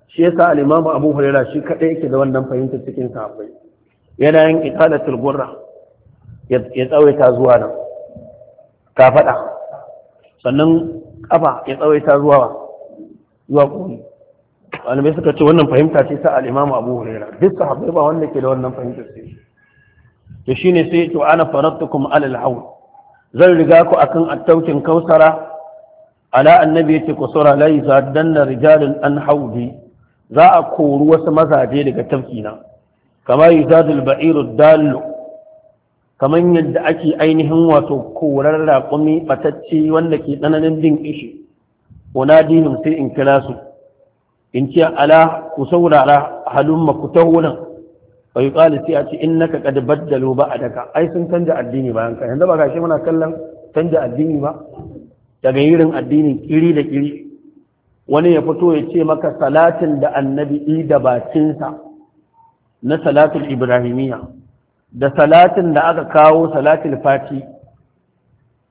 shi yasa al-imamu abu hurairah shi kadai yake da wannan fahimtar cikin sahabbai yana yin italatul gurra ya tsawaita zuwa nan faɗa. sannan ƙafa ya tsawaita zuwa zuwa koli malamai suka ce wannan fahimta ce sa alimamu abu hurairah duk sahabbai ba wanda ke da wannan fahimtar sai to shine sai to ana faradtukum alal hawl zan riga ku akan attaukin kausara ala annabi yace ku sura la yazaddanna rijalun an haudi za a kori wasu mazaje daga tafkina kamar yazadul ba'iru dalu kamar yadda ake ainihin wato korar raƙumi batacce wanda ke tsananin bin ishi unadihim sai in kira su in ce ala ku saurara halumma ku taho nan fa yuqalu sai a ce baddalo ba a ba'daka ai sun canja addini bayan kai yanzu ba shi muna kallon canja addini ba daga irin addini kiri da kiri wani ya fito ya ce maka salatin da annabi i da bakinsa na salatul ibrahimiyya da salatin da aka kawo salatul fati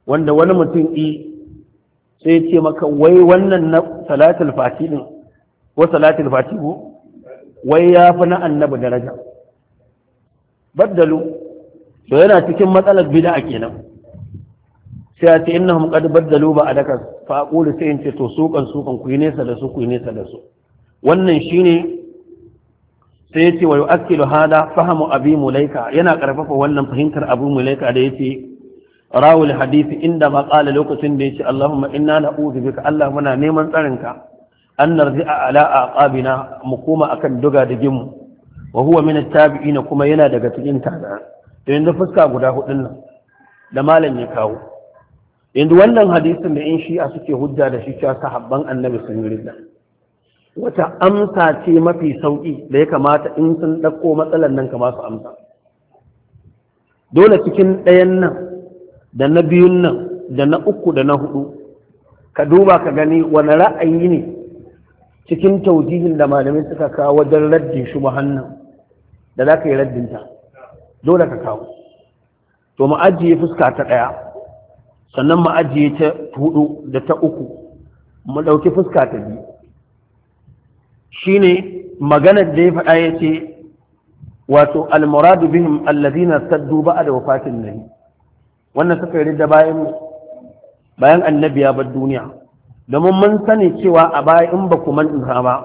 wanda wani mutum i sai ce maka wai wannan na salatul fati din ko salatul fati ko wai ya fi na annabi daraja baddalu to yana cikin matsalar bid'a kenan sai a ce innahum qad baddalu ba adaka fa aqulu sai in ce to sukan sukan ku yi nesa da su ku yi nesa da su wannan shine sai ya ce wa yu'akkilu hada fahamu abi mulaika yana karfafa wannan fahimtar abu mulaika da yace rawul hadisi inda ma qala lokacin da yace Allahumma inna na'udhu bika Allah muna neman tsarinka an a ala aqabina mu koma akan duga da gimu wa huwa min at-tabi'ina kuma yana daga cikin tabi'an to yanzu fuska guda hudun nan da malam ya kawo yanzu wannan hadisin da in shi'a suke hujja da shi cewa sahabban annabi sun yi rida wata amsa ce mafi sauki da ya kamata in sun dauko matsalar nan kamar su amsa dole cikin ɗayan nan da na biyun nan da na uku da na hudu ka duba ka gani wani ra'ayi ne cikin taujihin da malamai suka kawo wajen raddin shi muhannan. da za ka yi raddinta dole ka kawo to mu ajiye fuska ta ɗaya sannan mu ajiye ta hudu da ta uku mu ɗauki fuska ta biyu shine maganar da ya faɗa ya ce wato almuradu bihim allazina saddu ba'da wafatin nabi wannan suka yi da bayan bayan annabi ya bar duniya domin mun sani cewa a baya in ba ku manta ba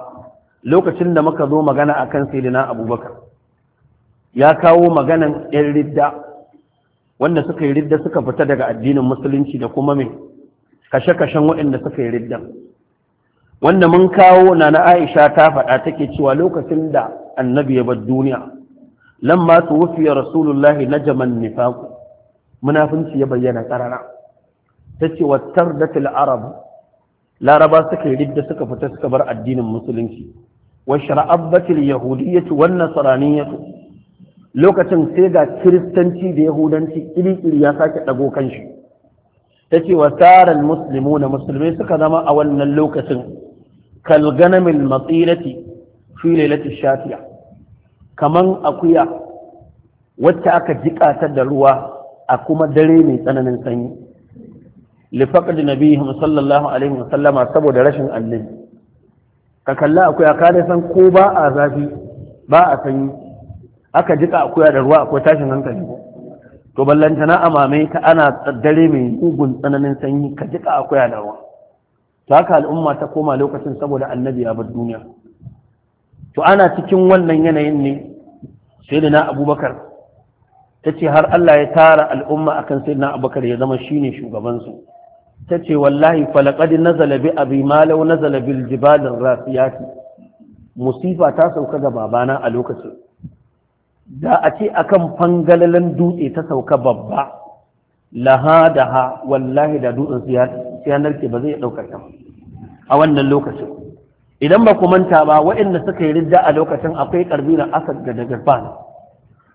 lokacin da muka zo magana akan sayyidina abubakar ya kawo maganan 'yan ridda wanda suka yi ridda suka fita daga addinin musulunci da kuma mai kashe-kashen waɗanda suka yi ridda. wanda mun kawo na na aisha ta faɗa take cewa lokacin da annabi ya bar duniya lamma tuwfiya na jaman nifaq munafinci ya bayyana Ta karara tace wattardatil arab laraba suka yi ridda suka fita suka bar addinin musulunci wa shar'abatil yahudiyyah wan nasraniyyah lokacin sai ga kiristanci da yahudanci iri-iri ya sake ɗago kan shi ta ce wa tsarin musulmi na musulmai suka zama a wannan lokacin kalganamin fi fililati shafiya Kamar akuya wacce aka jikata da ruwa a kuma dare mai tsananin sanyi lifaƙar nabi sallallahu alaihi wasallama saboda rashin annabi ka kalla akuya ka san ko ba a zafi ba a sanyi aka jika akuya da ruwa akwai tashin hankali to ballantana amame ka ana dare mai mugun tsananin sanyi ka jika akuya da ruwa to haka al'umma ta koma lokacin saboda annabi ya bar duniya to ana cikin wannan yanayin ne sayyidina abubakar ta ce har Allah ya tara al'umma akan sayyidina abubakar ya zama shine shugabansu ta ce wallahi falakadi na zalabi abi malau na bil jibalin rafiyati musifa ta sauka ga babana a lokacin da a ce akan fangalalan dutse ta sauka babba laha da ha wallahi da dutsen siyanar ke ba zai ɗaukar ta a wannan lokacin idan ba ku manta ba waɗanda suka yi ridda a lokacin akwai na asad da daga nagarfan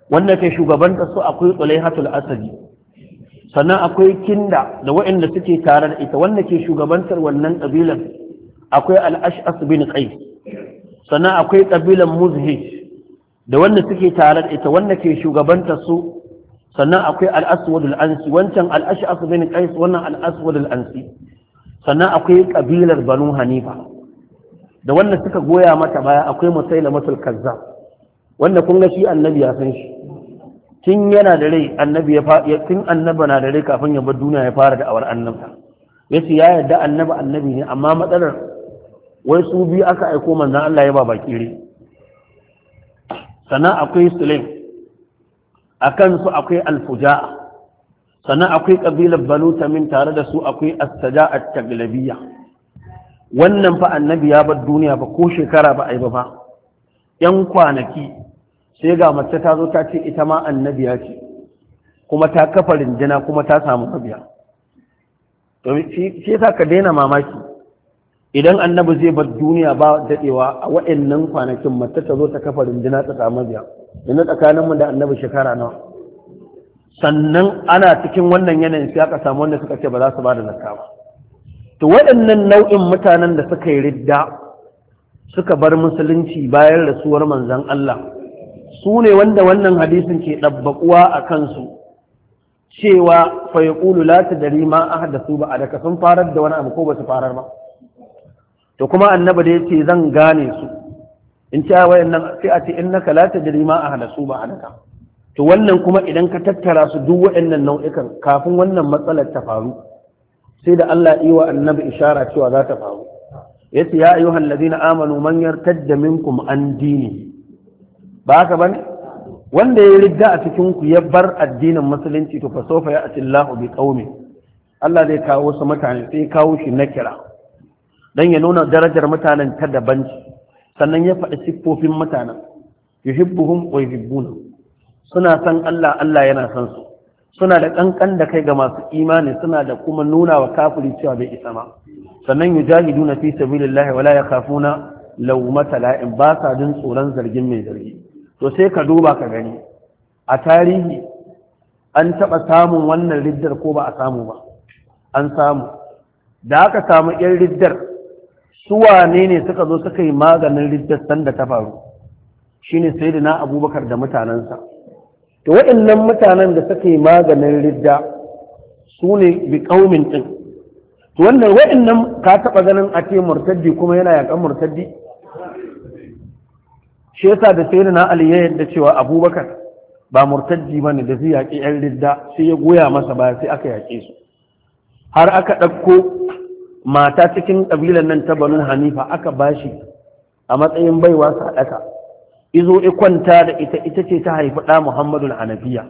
wanda ke shugaban su akwai tsulaihatul asadi sannan akwai kinda da waɗanda suke tare da ita wanda ke shugabantar wannan ƙabilan akwai al'ash asibin ƙai sannan akwai ƙabilan muzhish da wanda suke tare da ita wanda ke shugabanta su sannan akwai al-aswad ansi wancan al bin qais wannan al ansi sannan akwai kabilar banu hanifa da wanda suka goya mata baya akwai musailamatul kazzab wanda kun ga shi annabi ya san shi tun yana da rai annabi ya tun annaba na da rai kafin ya bar duniya ya fara da awar annabta yace ya yarda annaba annabi ne amma matsalar wai su biyu aka aiko manzon Allah ya ba bakire sannan akwai sulaim a kansu akwai alfuja sannan akwai ƙabilar banu min tare da su akwai a taglabiyya wannan fa annabi ya bar duniya ba ko shekara ba a yi ba fa yan kwanaki sai ga mace ta zo ta ce ita ma annabiya ce kuma ta kafa rinjina kuma ta samu mabiya to shi sa ka daina mamaki idan annabi zai bar duniya ba daɗewa a waɗannan kwanakin mata ta zo ta kafa runduna ta samu biya yanzu tsakaninmu da annabi shekara nawa sannan ana cikin wannan yanayin sai aka samu wanda suka ce ba za su ba da zakka ba to waɗannan nau'in mutanen da suka yi ridda suka bar musulunci bayan rasuwar manzon Allah su ne wanda wannan hadisin ke ɗabbaƙuwa a kansu cewa fa yaqulu la tadri ma ahdathu ba sun farar da wani abu ko ba su farar ba to kuma annabi da yace zan gane su in ci wayan nan sai a ce innaka la tajri ma ahlasu ba halaka to wannan kuma idan ka tattara su duk waɗannan nau'ikan kafin wannan matsalar ta faru sai da Allah yi wa annabi ishara cewa za ta faru yace ya ayyuhal ladina amanu man yartadda minkum an dini ba haka bane wanda ya ridda a cikin ku ya bar addinin musulunci to fa sofa ya atillahu bi qaumi Allah zai kawo su mutane sai kawo shi na kira dan ya nuna darajar mutanen ta daban sannan ya faɗi siffofin mutanen yuhibbuhum wa yuhibbuna suna san Allah Allah yana san su suna da kankan da kai ga masu imani suna da kuma nuna wa kafiri cewa bai isa ma sannan yujahiduna fi sabilillahi wala yakhafuna lawmata la'in ba sa jin tsoron zargin mai zargi to sai ka duba ka gani a tarihi an taɓa samun wannan riddar ko ba a samu ba an samu da aka samu yan riddar su wane ne suka zo suka yi maganin riddastan da ta faru Shi ne shine na abubakar da mutanensa to waɗannan mutanen da suka yi maganin ridda su ne bi ƙaumin ɗin? to wannan waɗannan ka taɓa ganin a ce murtaddi kuma yana yaƙan murtaddi shi yasa da na ali ya yadda cewa abubakar ba murtaddi ne da zai yaƙi yan ridda sai ya goya masa ba sai aka yaƙe su har aka ɗauko mata cikin ƙabilan nan ta banu hanifa aka bashi a matsayin baiwa sadaka izo ikwanta da ita ita ce ta haifi ɗa muhammadun hanafiya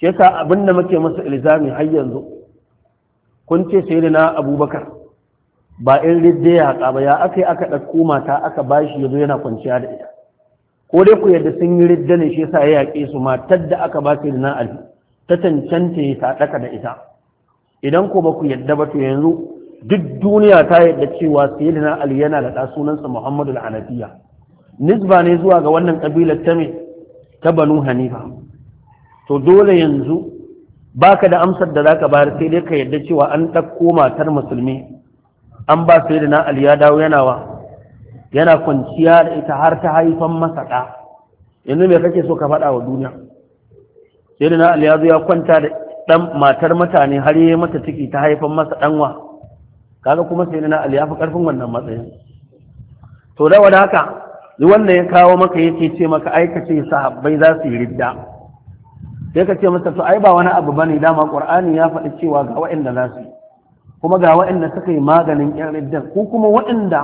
shi yasa abin da muke masa ilzami har yanzu kun ce sai da na abubakar ba in ridda ya haƙa ba ya aka aka ɗauko mata aka bashi yazo yana kwanciya da ita ko dai ku yadda sun yi ridda ne shi yasa ya yake su matar da aka ba su da na alfi ta cancanta ya sadaka da ita idan ko ba ku yadda ba to yanzu duk duniya ta yadda cewa sayyidina ali yana da sunansa muhammadu al-hanafiya nisba ne zuwa ga wannan kabilar ta mai ta banu hanifa to dole yanzu baka da amsar da zaka bayar sai dai ka yadda cewa an ɗauko matar musulmi an ba sayyidina ali ya dawo yana wa yana kwanciya da ita har ta haifan masa ɗa yanzu me kake so ka faɗa wa duniya sayyidina ali ya zo ya kwanta da ɗan matar mutane har yi mata ciki ta haifan masa ɗanwa kaga kuma sai na Ali yafi karfin wannan matsayin to da wada haka duk wanda ya kawo maka yake ce maka aikace sahabbai za su yi ridda sai ka ce masa to ai ba wani abu bane dama Qur'ani ya faɗi cewa ga waɗanda za su kuma ga waɗanda suka yi maganin yan riddar ko kuma waɗanda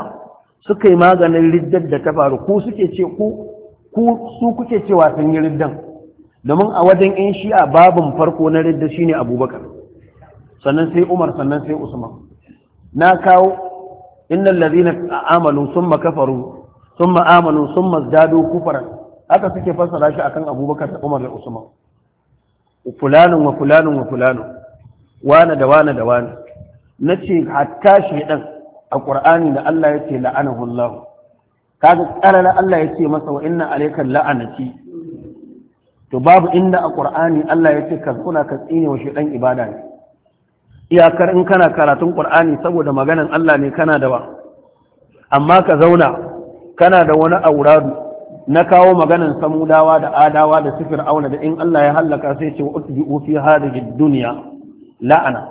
suka yi maganin riddar da ta faru ko suke ce ku su kuke cewa sun yi riddan domin a wajen ƴan shi'a babin farko na ridda shine Abubakar sannan sai Umar sannan sai Usman na kawo innal ladina amalu summa kafaru summa amalu summa zadu kufara haka suke fassara shi akan Abubakar da Umar da Usman fulanun wa fulanun wa fulanun wana da wana da wana nace hatta shedan a Qur'ani da Allah ce la'anahu Allah kaga karala Allah yace masa wa inna alayka la'anati to babu inda a Qur'ani Allah yace ka kuna ka tsine wa shedan ibada ne iyakar in kana karatun ƙur'ani saboda maganan Allah ne kana da ba amma ka zauna kana da wani auradu na kawo maganan samudawa da adawa da sifir auna da in Allah ya hallaka sai ce utbi'u fi hadhihi dunya la'ana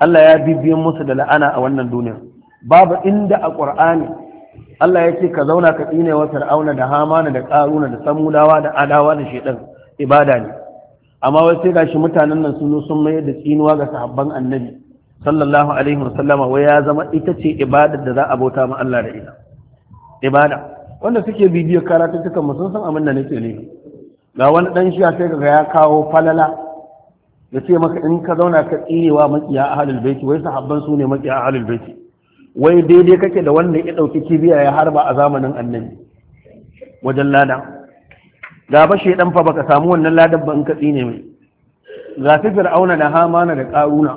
Allah ya bibiyan musu da la'ana a wannan duniya babu inda a qur'ani Allah ya ce ka zauna ka tsine wa fir'auna da hamana da karuna da samudawa da adawa da shedan ibada ne amma wai sai gashi mutanen nan sun sun mayar da tsinuwa ga sahabban annabi sallallahu alaihi wasallama wai ya zama ita ce ibada da za a bauta ma Allah da ita ibada wanda suke bibiyar karatu suka sun san abin da nake ne ga wani dan shi sai kaga ya kawo falala ya ce maka in ka zauna ka tsinewa makiya ahlul baiti wai sahabban su ne makiya ahlul baiti wai daidai kake da wanda ya dauki kibiya ya harba a zamanin annabi wajen lada gaba shaidan fa baka samu wannan ladan ba in ka tsine mai ga su fir'auna da hamana da karuna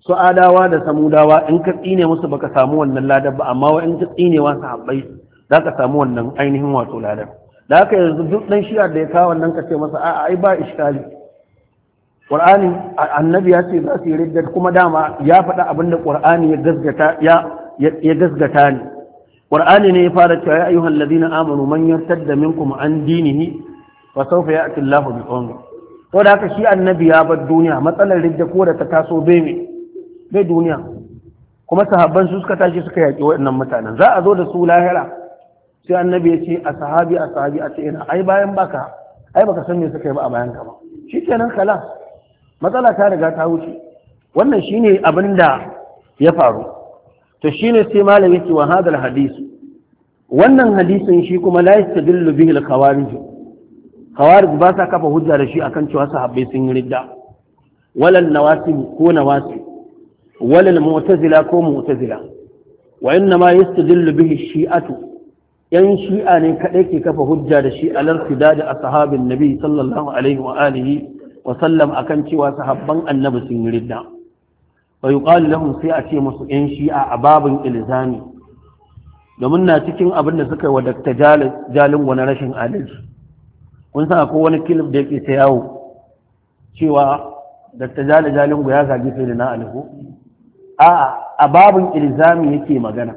su adawa da samudawa in ka tsine musu baka samu wannan ladan ba amma wa in ka tsinewa su habbai za ka samu wannan ainihin wato ladan da haka yanzu duk dan shi'a da ya kawo wannan ka ce masa a'a ai ba iskali qur'ani annabi ya ce za su yi riddat kuma dama ya faɗa abinda qur'ani ya ya ya gasgata ne qur'ani ne ya fara cewa ya ayyuhal ladina amanu man yartadda minkum an dinihi fa a ya'ti Allahu bi qawmin ko da haka shi annabi ya bar duniya matsalar da ta taso bai me bai duniya kuma sahabban suka tashi suka yaƙi waɗannan mutanen za a zo da su lahira sai annabi ya ce a sahabi a sahabi a bayan baka ai baka san me suka yi ba a bayan ka ba shikenan kala matsala ta riga ta wuce wannan shine abin da ya faru to shine sai malam yake wa hadal hadis wannan hadisin shi kuma la yastadillu bihi al khawarij khawarij ba sa kafa hujja da shi akan cewa sahabbai sun yi ridda wala nawasi ko nawasi walal al mu'tazila ko mu'tazila wa inna ma yastadillu bihi shi'atu yan shi'a ne kadai ke kafa hujja da shi a larfida da ashabin nabi sallallahu alaihi wa alihi wa sallam akan cewa sahabban annabi sun yi ridda fa yuqalu lahum sai a ce musu yan shi'a a babin ilzami domin na cikin abin da suka wadakta jalin wani rashin adalci kun san akwai wani kilif da yake ta yawo cewa dakta jalin jalin ya zagi sai da na alifu? a a babin ilzami yake magana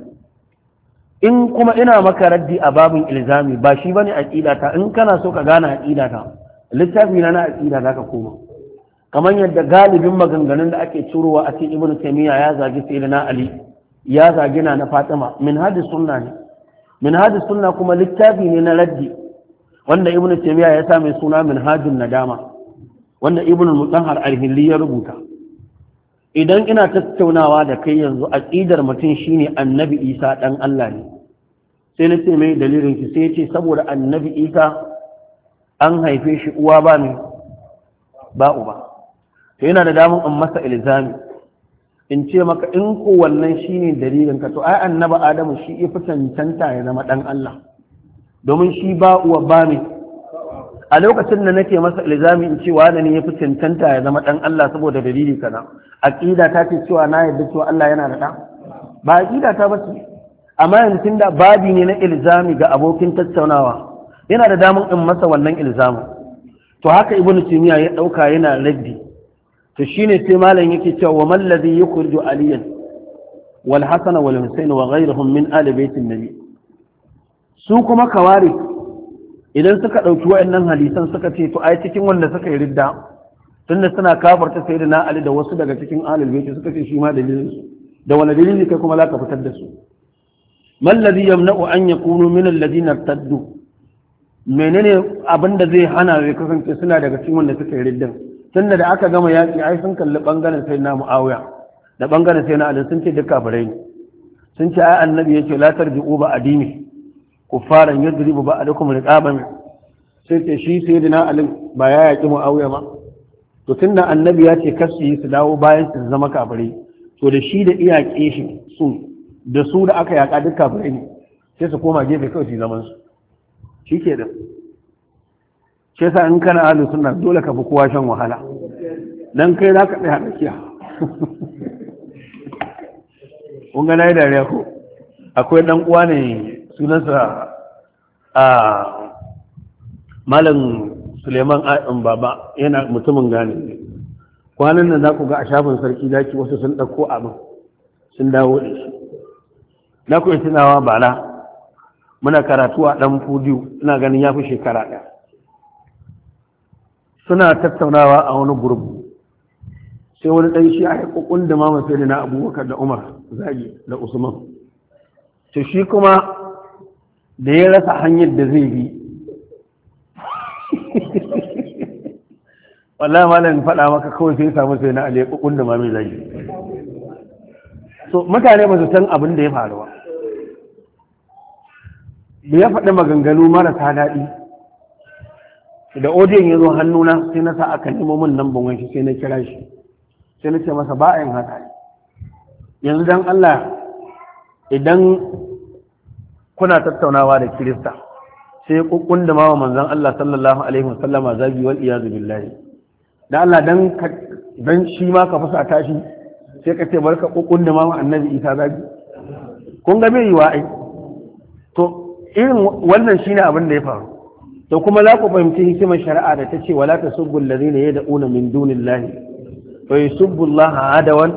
in kuma ina maka raddi a babin ilzami ba shi bane aqida ta in kana so ka gane aqida ta littafi na na aqida zaka koma kamar yadda galibin maganganun da ake cirowa a cikin ibnu taymiya ya zagi sayyidina ali ya zagi na fatima min hadis sunna ne min hadis sunna kuma littafi ne na raddi wanda ibnu taymiya ya sa mai suna min hadin nadama wanda ibnu mutahhar al-hilli ya rubuta idan ina tattaunawa da kai yanzu aqidar mutum shine annabi isa dan Allah ne sai na ce mai dalilin ki sai ce saboda annabi isa an haife shi uwa ba ne ba uba to yana da damun in masa ilzami in ce maka in ko wannan shine dalilin ka to ai Annaba adamu shi ya fitantanta ya zama dan Allah domin shi ba uwa ba mi a lokacin da nake masa ilzami in ce wani ne ya fitantanta ya zama dan Allah saboda dalili kana aqida ta ce cewa na yarda cewa Allah yana da dan ba aqida ta ce amma yanzu tunda babi ne na ilzami ga abokin tattaunawa yana da damun in masa wannan ilzamin to haka ibnu timiya ya dauka yana raddi to shine sai malam yake cewa wa man ladhi yukhrij aliyan wal hasan wal husayn wa ghayrihim min ali baitin nabi su kuma kawari idan suka dauki wayannan hadisan suka ce to ai cikin wanda suka yi ridda tunda suna kafarta sayyidina ali da wasu daga cikin alil baiti suka ce shi ma dalilin su da wani dalili kai kuma zaka fitar da su man ladhi yamna'u an yakunu min alladhina taddu menene abin da zai hana zai kasance suna daga cikin wanda suka yi riddan tunda da aka gama yaƙi ai sun kalli ɓangaren sai na mu'awiya da ɓangaren sai na alin sun ce duka kafirai ne sun ce ai annabi ya ce la tarji'u ba adini yadda yadribu ba a wani riqaban sai ce shi sai na alin ba ya yaƙi mu'awiya ba to tunda annabi ya ce kar su yi su dawo bayan su zama kafirai to da shi da iyaƙe shi su da su da aka yaƙa duka kafirai ne sai su koma gefe kawai su zaman su shi ke da shi yasa in kana ahlus sunna dole ka fi kowa shan wahala dan kai za ka tsaya tsakiya kun ga nayi dariya ko akwai dan uwa ne sunansa a malam Suleiman A'in um, Baba yana mutumin gane kwanan nan za ku ga a shafin sarki zaki wasu sun ɗauko abin sun dawo da shi na ku tunawa bala muna karatu a ɗan fudiyu ina ganin ya fi shekara ɗaya suna tattaunawa a wani gurbu sai wani ɗan shi a yi da mama sai na abubakar da umar zagi da usman to shi kuma da ya rasa hanyar da zai bi wallahi malam faɗa maka kawai sai samu sai na aliyu ƙuƙun da mami zagi so mutane ba san abin da ya faruwa. da ya faɗi maganganu marasa daɗi da odiyan ya zo hannuna sai na sa aka nemo min nan bangon shi sai na kira shi sai na ce masa ba a yin haka yanzu dan Allah idan kuna tattaunawa da kirista sai kukkun da mawa manzan Allah sallallahu alaihi wasallama zagi wal iyazu billahi Da Allah dan dan shi ma ka fasa tashi sai ka ce barka kukkun da mawa annabi Isa zagi kun ga me yiwa ai to irin wannan shine abin da ya faru to kuma za ku fahimci hikimar shari'a da ta ce wala tasubbu allazina yad'una min dunillahi fa yusubbu Allah adawan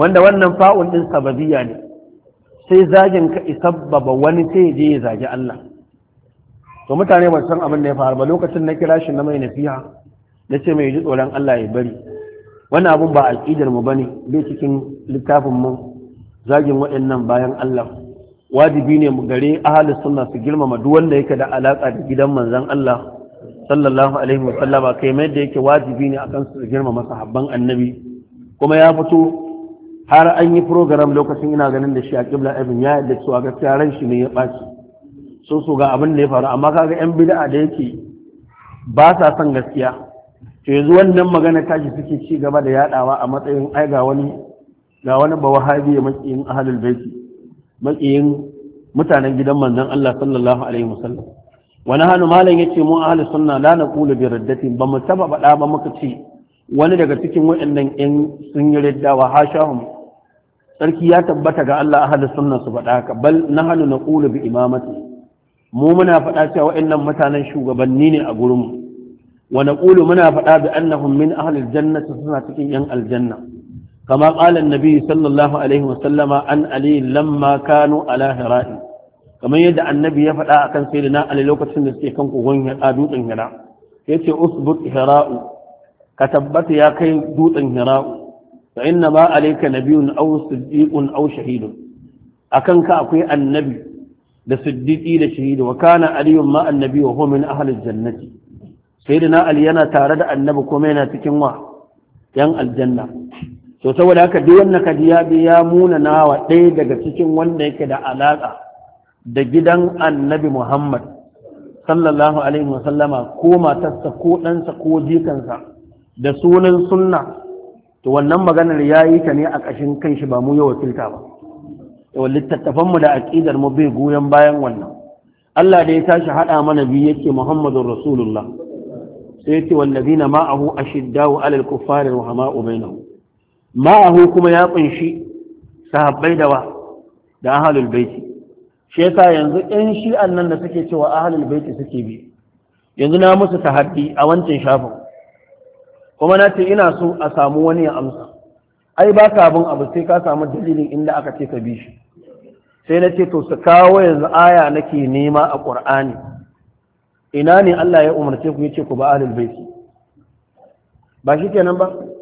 wanda wannan fa'un din sababiyya ne sai zagin ka isabbaba wani sai je ya zagi Allah to mutane ba san abin da ya faru ba lokacin na kira shi na mai nasiha na ce mai ji tsoron Allah ya bari wannan abun ba aqidar mu bane bai cikin littafin mu zagin waɗannan bayan Allah wajibi ne gare ahli sunna su girmama duk wanda yake da alaka da gidan manzon Allah sallallahu alaihi sallama kai mai da yake wajibi ne akan su girmama sahabban annabi kuma ya fito har an yi program lokacin ina ganin da shi a kibla ibn ya yadda cewa ga ran shi ne ya baci so so ga abin da ya faru amma kaga yan bid'a da yake ba sa son gaskiya to yanzu wannan magana tashi suke ci gaba da yadawa a matsayin ai ga wani ga wani bawahabi ya matsayin ahlul baiti makiyin mutanen gidan manzon Allah sallallahu alaihi wasallam wani hannu malam yace mu ahli sunna la naqulu bi raddatin ba mu taba bada ba muka ce wani daga cikin waɗannan ƴan sun yi raddawa hashahum sarki ya tabbata ga Allah ahli sunna su faɗa ka, bal nahnu naqulu bi imamati mu muna faɗa cewa waɗannan mutanen shugabanni ne a gurin mu wa naqulu muna faɗa bi annahum min ahli aljannati suna cikin ƴan aljanna كما قال النبي صلى الله عليه وسلم عن علي لما كانوا على هراء كما يدعى النبي يفعل كان سيدنا علي لو كنت سنستي كان كوغن هراء دوتن هراء يتي أثبت هراء كتبت يا كي دوتن هراء فإنما عليك نبي أو صديق أو شهيد أكن كأكوي النبي da siddiƙi da shahidi wa kana aliyun ma annabi wa huwa min ahlil jannati sayyidina ali yana tare da annabi kuma yana cikin wa yan aljanna to saboda haka duk wannan kaji ya bi ya muna nawa ɗaya daga cikin wanda yake da alaƙa da gidan annabi muhammad sallallahu alaihi wasallama ko matarsa ko ɗansa ko jikansa da sunan sunna to wannan maganar ya yi ta ne a ƙashin kanshi ba mu yi wakilta ba littattafan littattafanmu da aƙidar mu bai goyon bayan wannan Allah da ya tashi haɗa mana biyu yake Muhammadun Rasulullah sai yake wallazina ma'ahu ashiddau alal kuffari ruhama'u bainahum ma'ahu kuma ya kunshi sahabbai da wa da ahalul baiti shi yasa yanzu ɗan shi'an nan da suke cewa ahalul baiti suke bi yanzu na musu tahaddi a wancan shafin kuma na ce ina so a samu wani ya amsa ai ba ka abin abu sai ka samu dalilin inda aka ce ka bi shi sai na ce to su kawo yanzu aya nake nema a ƙur'ani ina ne Allah ya umarce ku ya ce ku ba ahalul baiti ba shi kenan ba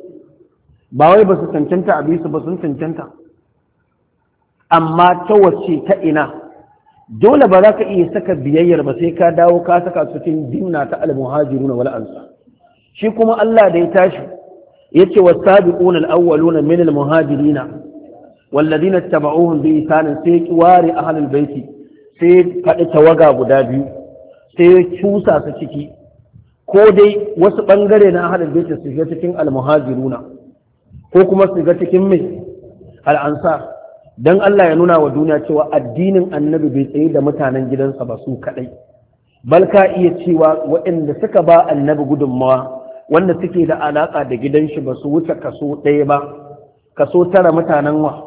ba wai ba su cancanta a bisu ba sun cancanta amma ta wace ta ina dole ba za ka iya saka biyayyar ba sai ka dawo ka saka su cikin dimna ta almuhajiru na wal'ansa shi kuma Allah da ya tashi ya ce wasabiquna na awwaluna min al-muhajirina walladhina tabauhum bi sanin sai ki ware ahlul baiti sai faɗi tawaga guda biyu sai ya cusa su ciki ko dai wasu ɓangare na ahlul baiti su shiga cikin al ko kuma su ga cikin mai al'ansa. don Allah ya nuna wa duniya cewa addinin annabi bai tsaye da mutanen gidansa ba su kaɗai balka iya cewa waɗanda suka ba annabi gudunmawa wanda suke da alaƙa da gidan shi ba su wuce kaso ɗaya ba kaso tara mutanen wa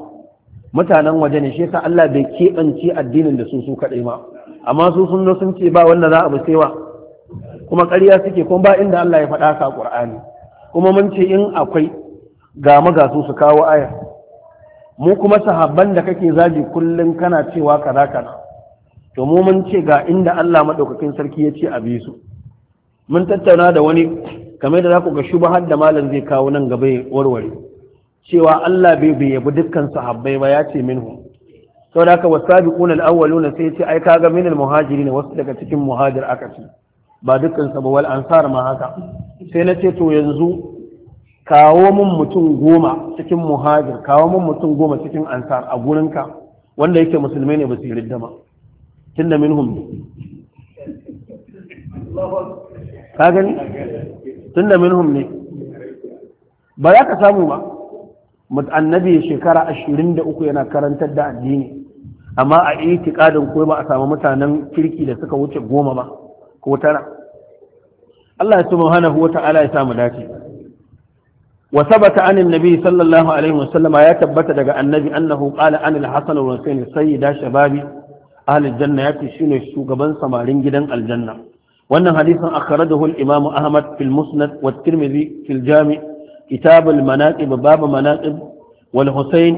mutanen waje ne shi yasa Allah bai keɓance addinin da su su kaɗai ma amma su sun zo sun ce ba wanda za a bi sewa kuma ƙarya suke kuma ba inda Allah ya faɗa ka Qur'ani kuma mun ce in akwai ga magasu su kawo aya mu kuma sahabban da kake zagi kullum kana cewa kaza kaza to mu mun ce ga inda Allah madaukakin sarki ya ce a bi su mun tattauna da wani kamar da za ku ga shubahar da malam zai kawo nan gaba ya warware cewa Allah bai bai yabi dukkan sahabbai ba ya ce minhu saboda haka wasabiquna alawwaluna sai ce ai kaga minal muhajirin wasu daga cikin muhajir aka ce ba dukkan sa ba wal ansar ma haka sai na ce to yanzu kawo mun mutum goma cikin muhajir kawo mun mutum goma cikin ansar a gurinka wanda yake musulmai ne ba su yi riddama tun da minhum ka gani tun da minhum ne ba za ka samu ba annabi shekara ashirin da uku yana karantar da addini amma a itikadin ko ba a samu mutanen kirki da suka wuce goma ba ko tara Allah ya subhanahu wa ta'ala ya samu dace وثبت عن النبي صلى الله عليه وسلم يا تبت دغا النبي انه قال عن الحسن والحسين سيدا شباب اهل الجنه ياتي شنو شغبان سمارين جدن الجنه wannan hadisin akhrajahu al-imam ahmad fil musnad wa tirmidhi fil jami kitab al wal husayn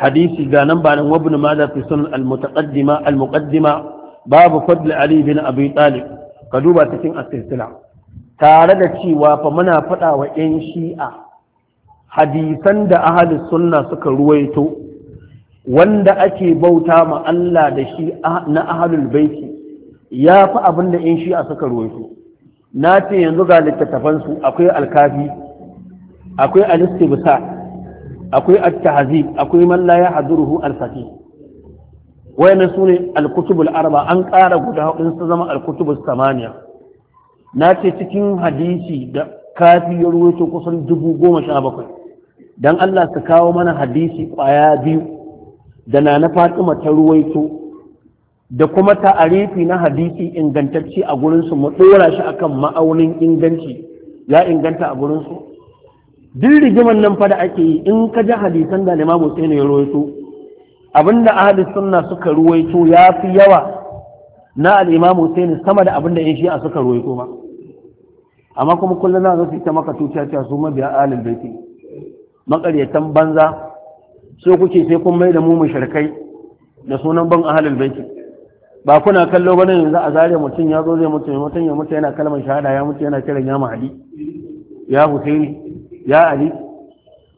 hadisi ga nan ba nan ibn madha sunan al-mutaqaddima al-muqaddima bab fadl ali bin abi talib ka duba silsila tare da cewa fa muna fada wa yan shi'a hadisan da ahalus sunna suka ruwaito wanda ake bauta ma Allah da shi na ahalul baiti ya fi abin da in a suka ruwaito na ce yanzu ga littattafansu akwai alkafi akwai alistibsa akwai at-tahzib akwai man la yahduruhu al-fatih wayannan sune al-kutubul arba an ƙara guda hudu su zama al samaniya na ce cikin hadisi da kafi ya ruwaito kusan dubu goma sha bakwai dan Allah ka kawo mana hadisi kwaya biyu da na na Fatima ta ruwaito da kuma ta'arifi na hadisi ingantacce a gurin mu dora shi akan ma'aunin inganci ya inganta a gurin su duk rigiman nan fa da ake yi in ka ji hadisan da Imam Hussein ya ruwaito abinda ahli sunna suka ruwaito fi yawa na al-Imam Hussein sama da abinda yan shi'a suka ruwaito ba amma kuma kullum na zo su ita maka tuciya su mabiya alil baiti makaryatan banza so kuke sai kun mai da mu mushrikai da sunan ban ahalul baiti ba kuna kallo bane yanzu a zare mutum ya zo zai mutu mutum ya mutu yana kalmar shahada ya mutu yana kiran ya mahadi ya husaini ya ali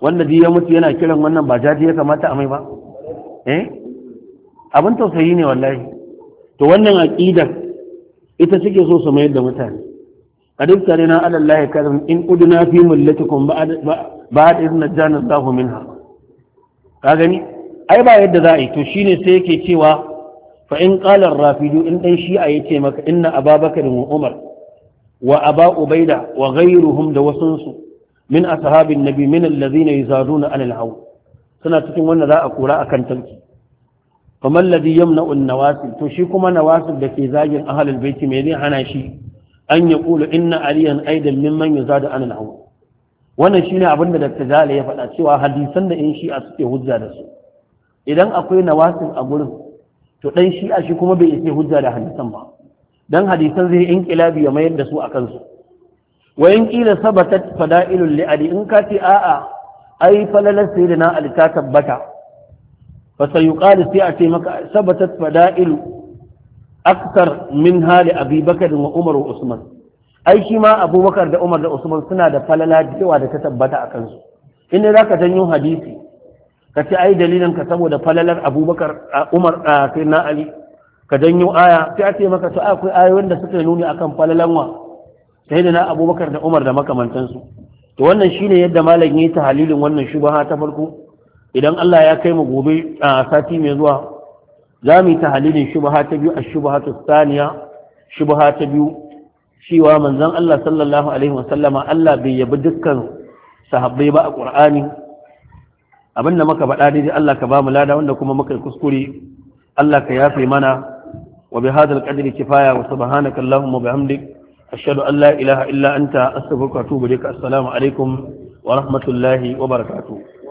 wanda duk ya mutu yana kiran wannan ba jaji ya kamata a mai ba eh abin tausayi ne wallahi to wannan aqidar ita suke so su mayar da mutane قد افترينا على الله كذبا إن أدنا في ملتكم بعد بعد إذ نجانا الله منها كاغني أي با يد ذاي تو شيني سي yake cewa fa in qala ar-rafidu in dan shi ayi ce maka inna ababakar wa umar wa aba ubaida wa ghayruhum da wasunsu min ashabin nabi min alladhina yuzaduna ala al-haw suna cikin wanda za a kura akan tarki kamar to shi kuma nawasil da ke zagin ahlul baiti mai ne hana shi an ya kula inna aliyan aidan mimman yuzadu an al-hawa wannan shine abin da Dr. Jale ya faɗa cewa hadisan da in shi'a suke hujja da su idan akwai nawasin a gurin to dan shi'a shi kuma bai isa hujja da hadisan ba dan hadisan zai inqilabi ya mayar da su akan su wa in qila sabatat fada'ilul li ali in ka ce a'a ai falalar sayyidina ali ta tabbata fa sayuqalu sai a ce maka sabatat fada'ilu akthar min hali abi wa umar wa usman ai shi ma abubakar da umar da usman suna da falala da da ta tabbata a kansu in ne zaka janyo hadisi ka ce ai dalilin ka saboda falalar abubakar umar na ali ka aya sai a ce maka to akwai ayoyin da suka nuni akan falalan wa sai da na abubakar da umar da makamantansu to wannan shine yadda malam yayi ta halilin wannan shubaha ta farko idan Allah ya kai mu gobe a sati mai zuwa za mu yi tahalilin shubha ta biyu a shubha ta saniya shubha ta biyu cewa manzon Allah sallallahu alaihi wasallama Allah bai yabi dukkan sahabbai ba a Qur'ani abinda muka faɗa daidai Allah ka bamu lada wanda kuma muka yi kuskure Allah ka yafe mana wa bi hadal qadri kifaya wa subhanaka allahumma bihamdik ashhadu an la ilaha illa anta astaghfiruka wa atubu ilaik assalamu alaikum wa rahmatullahi wa barakatuh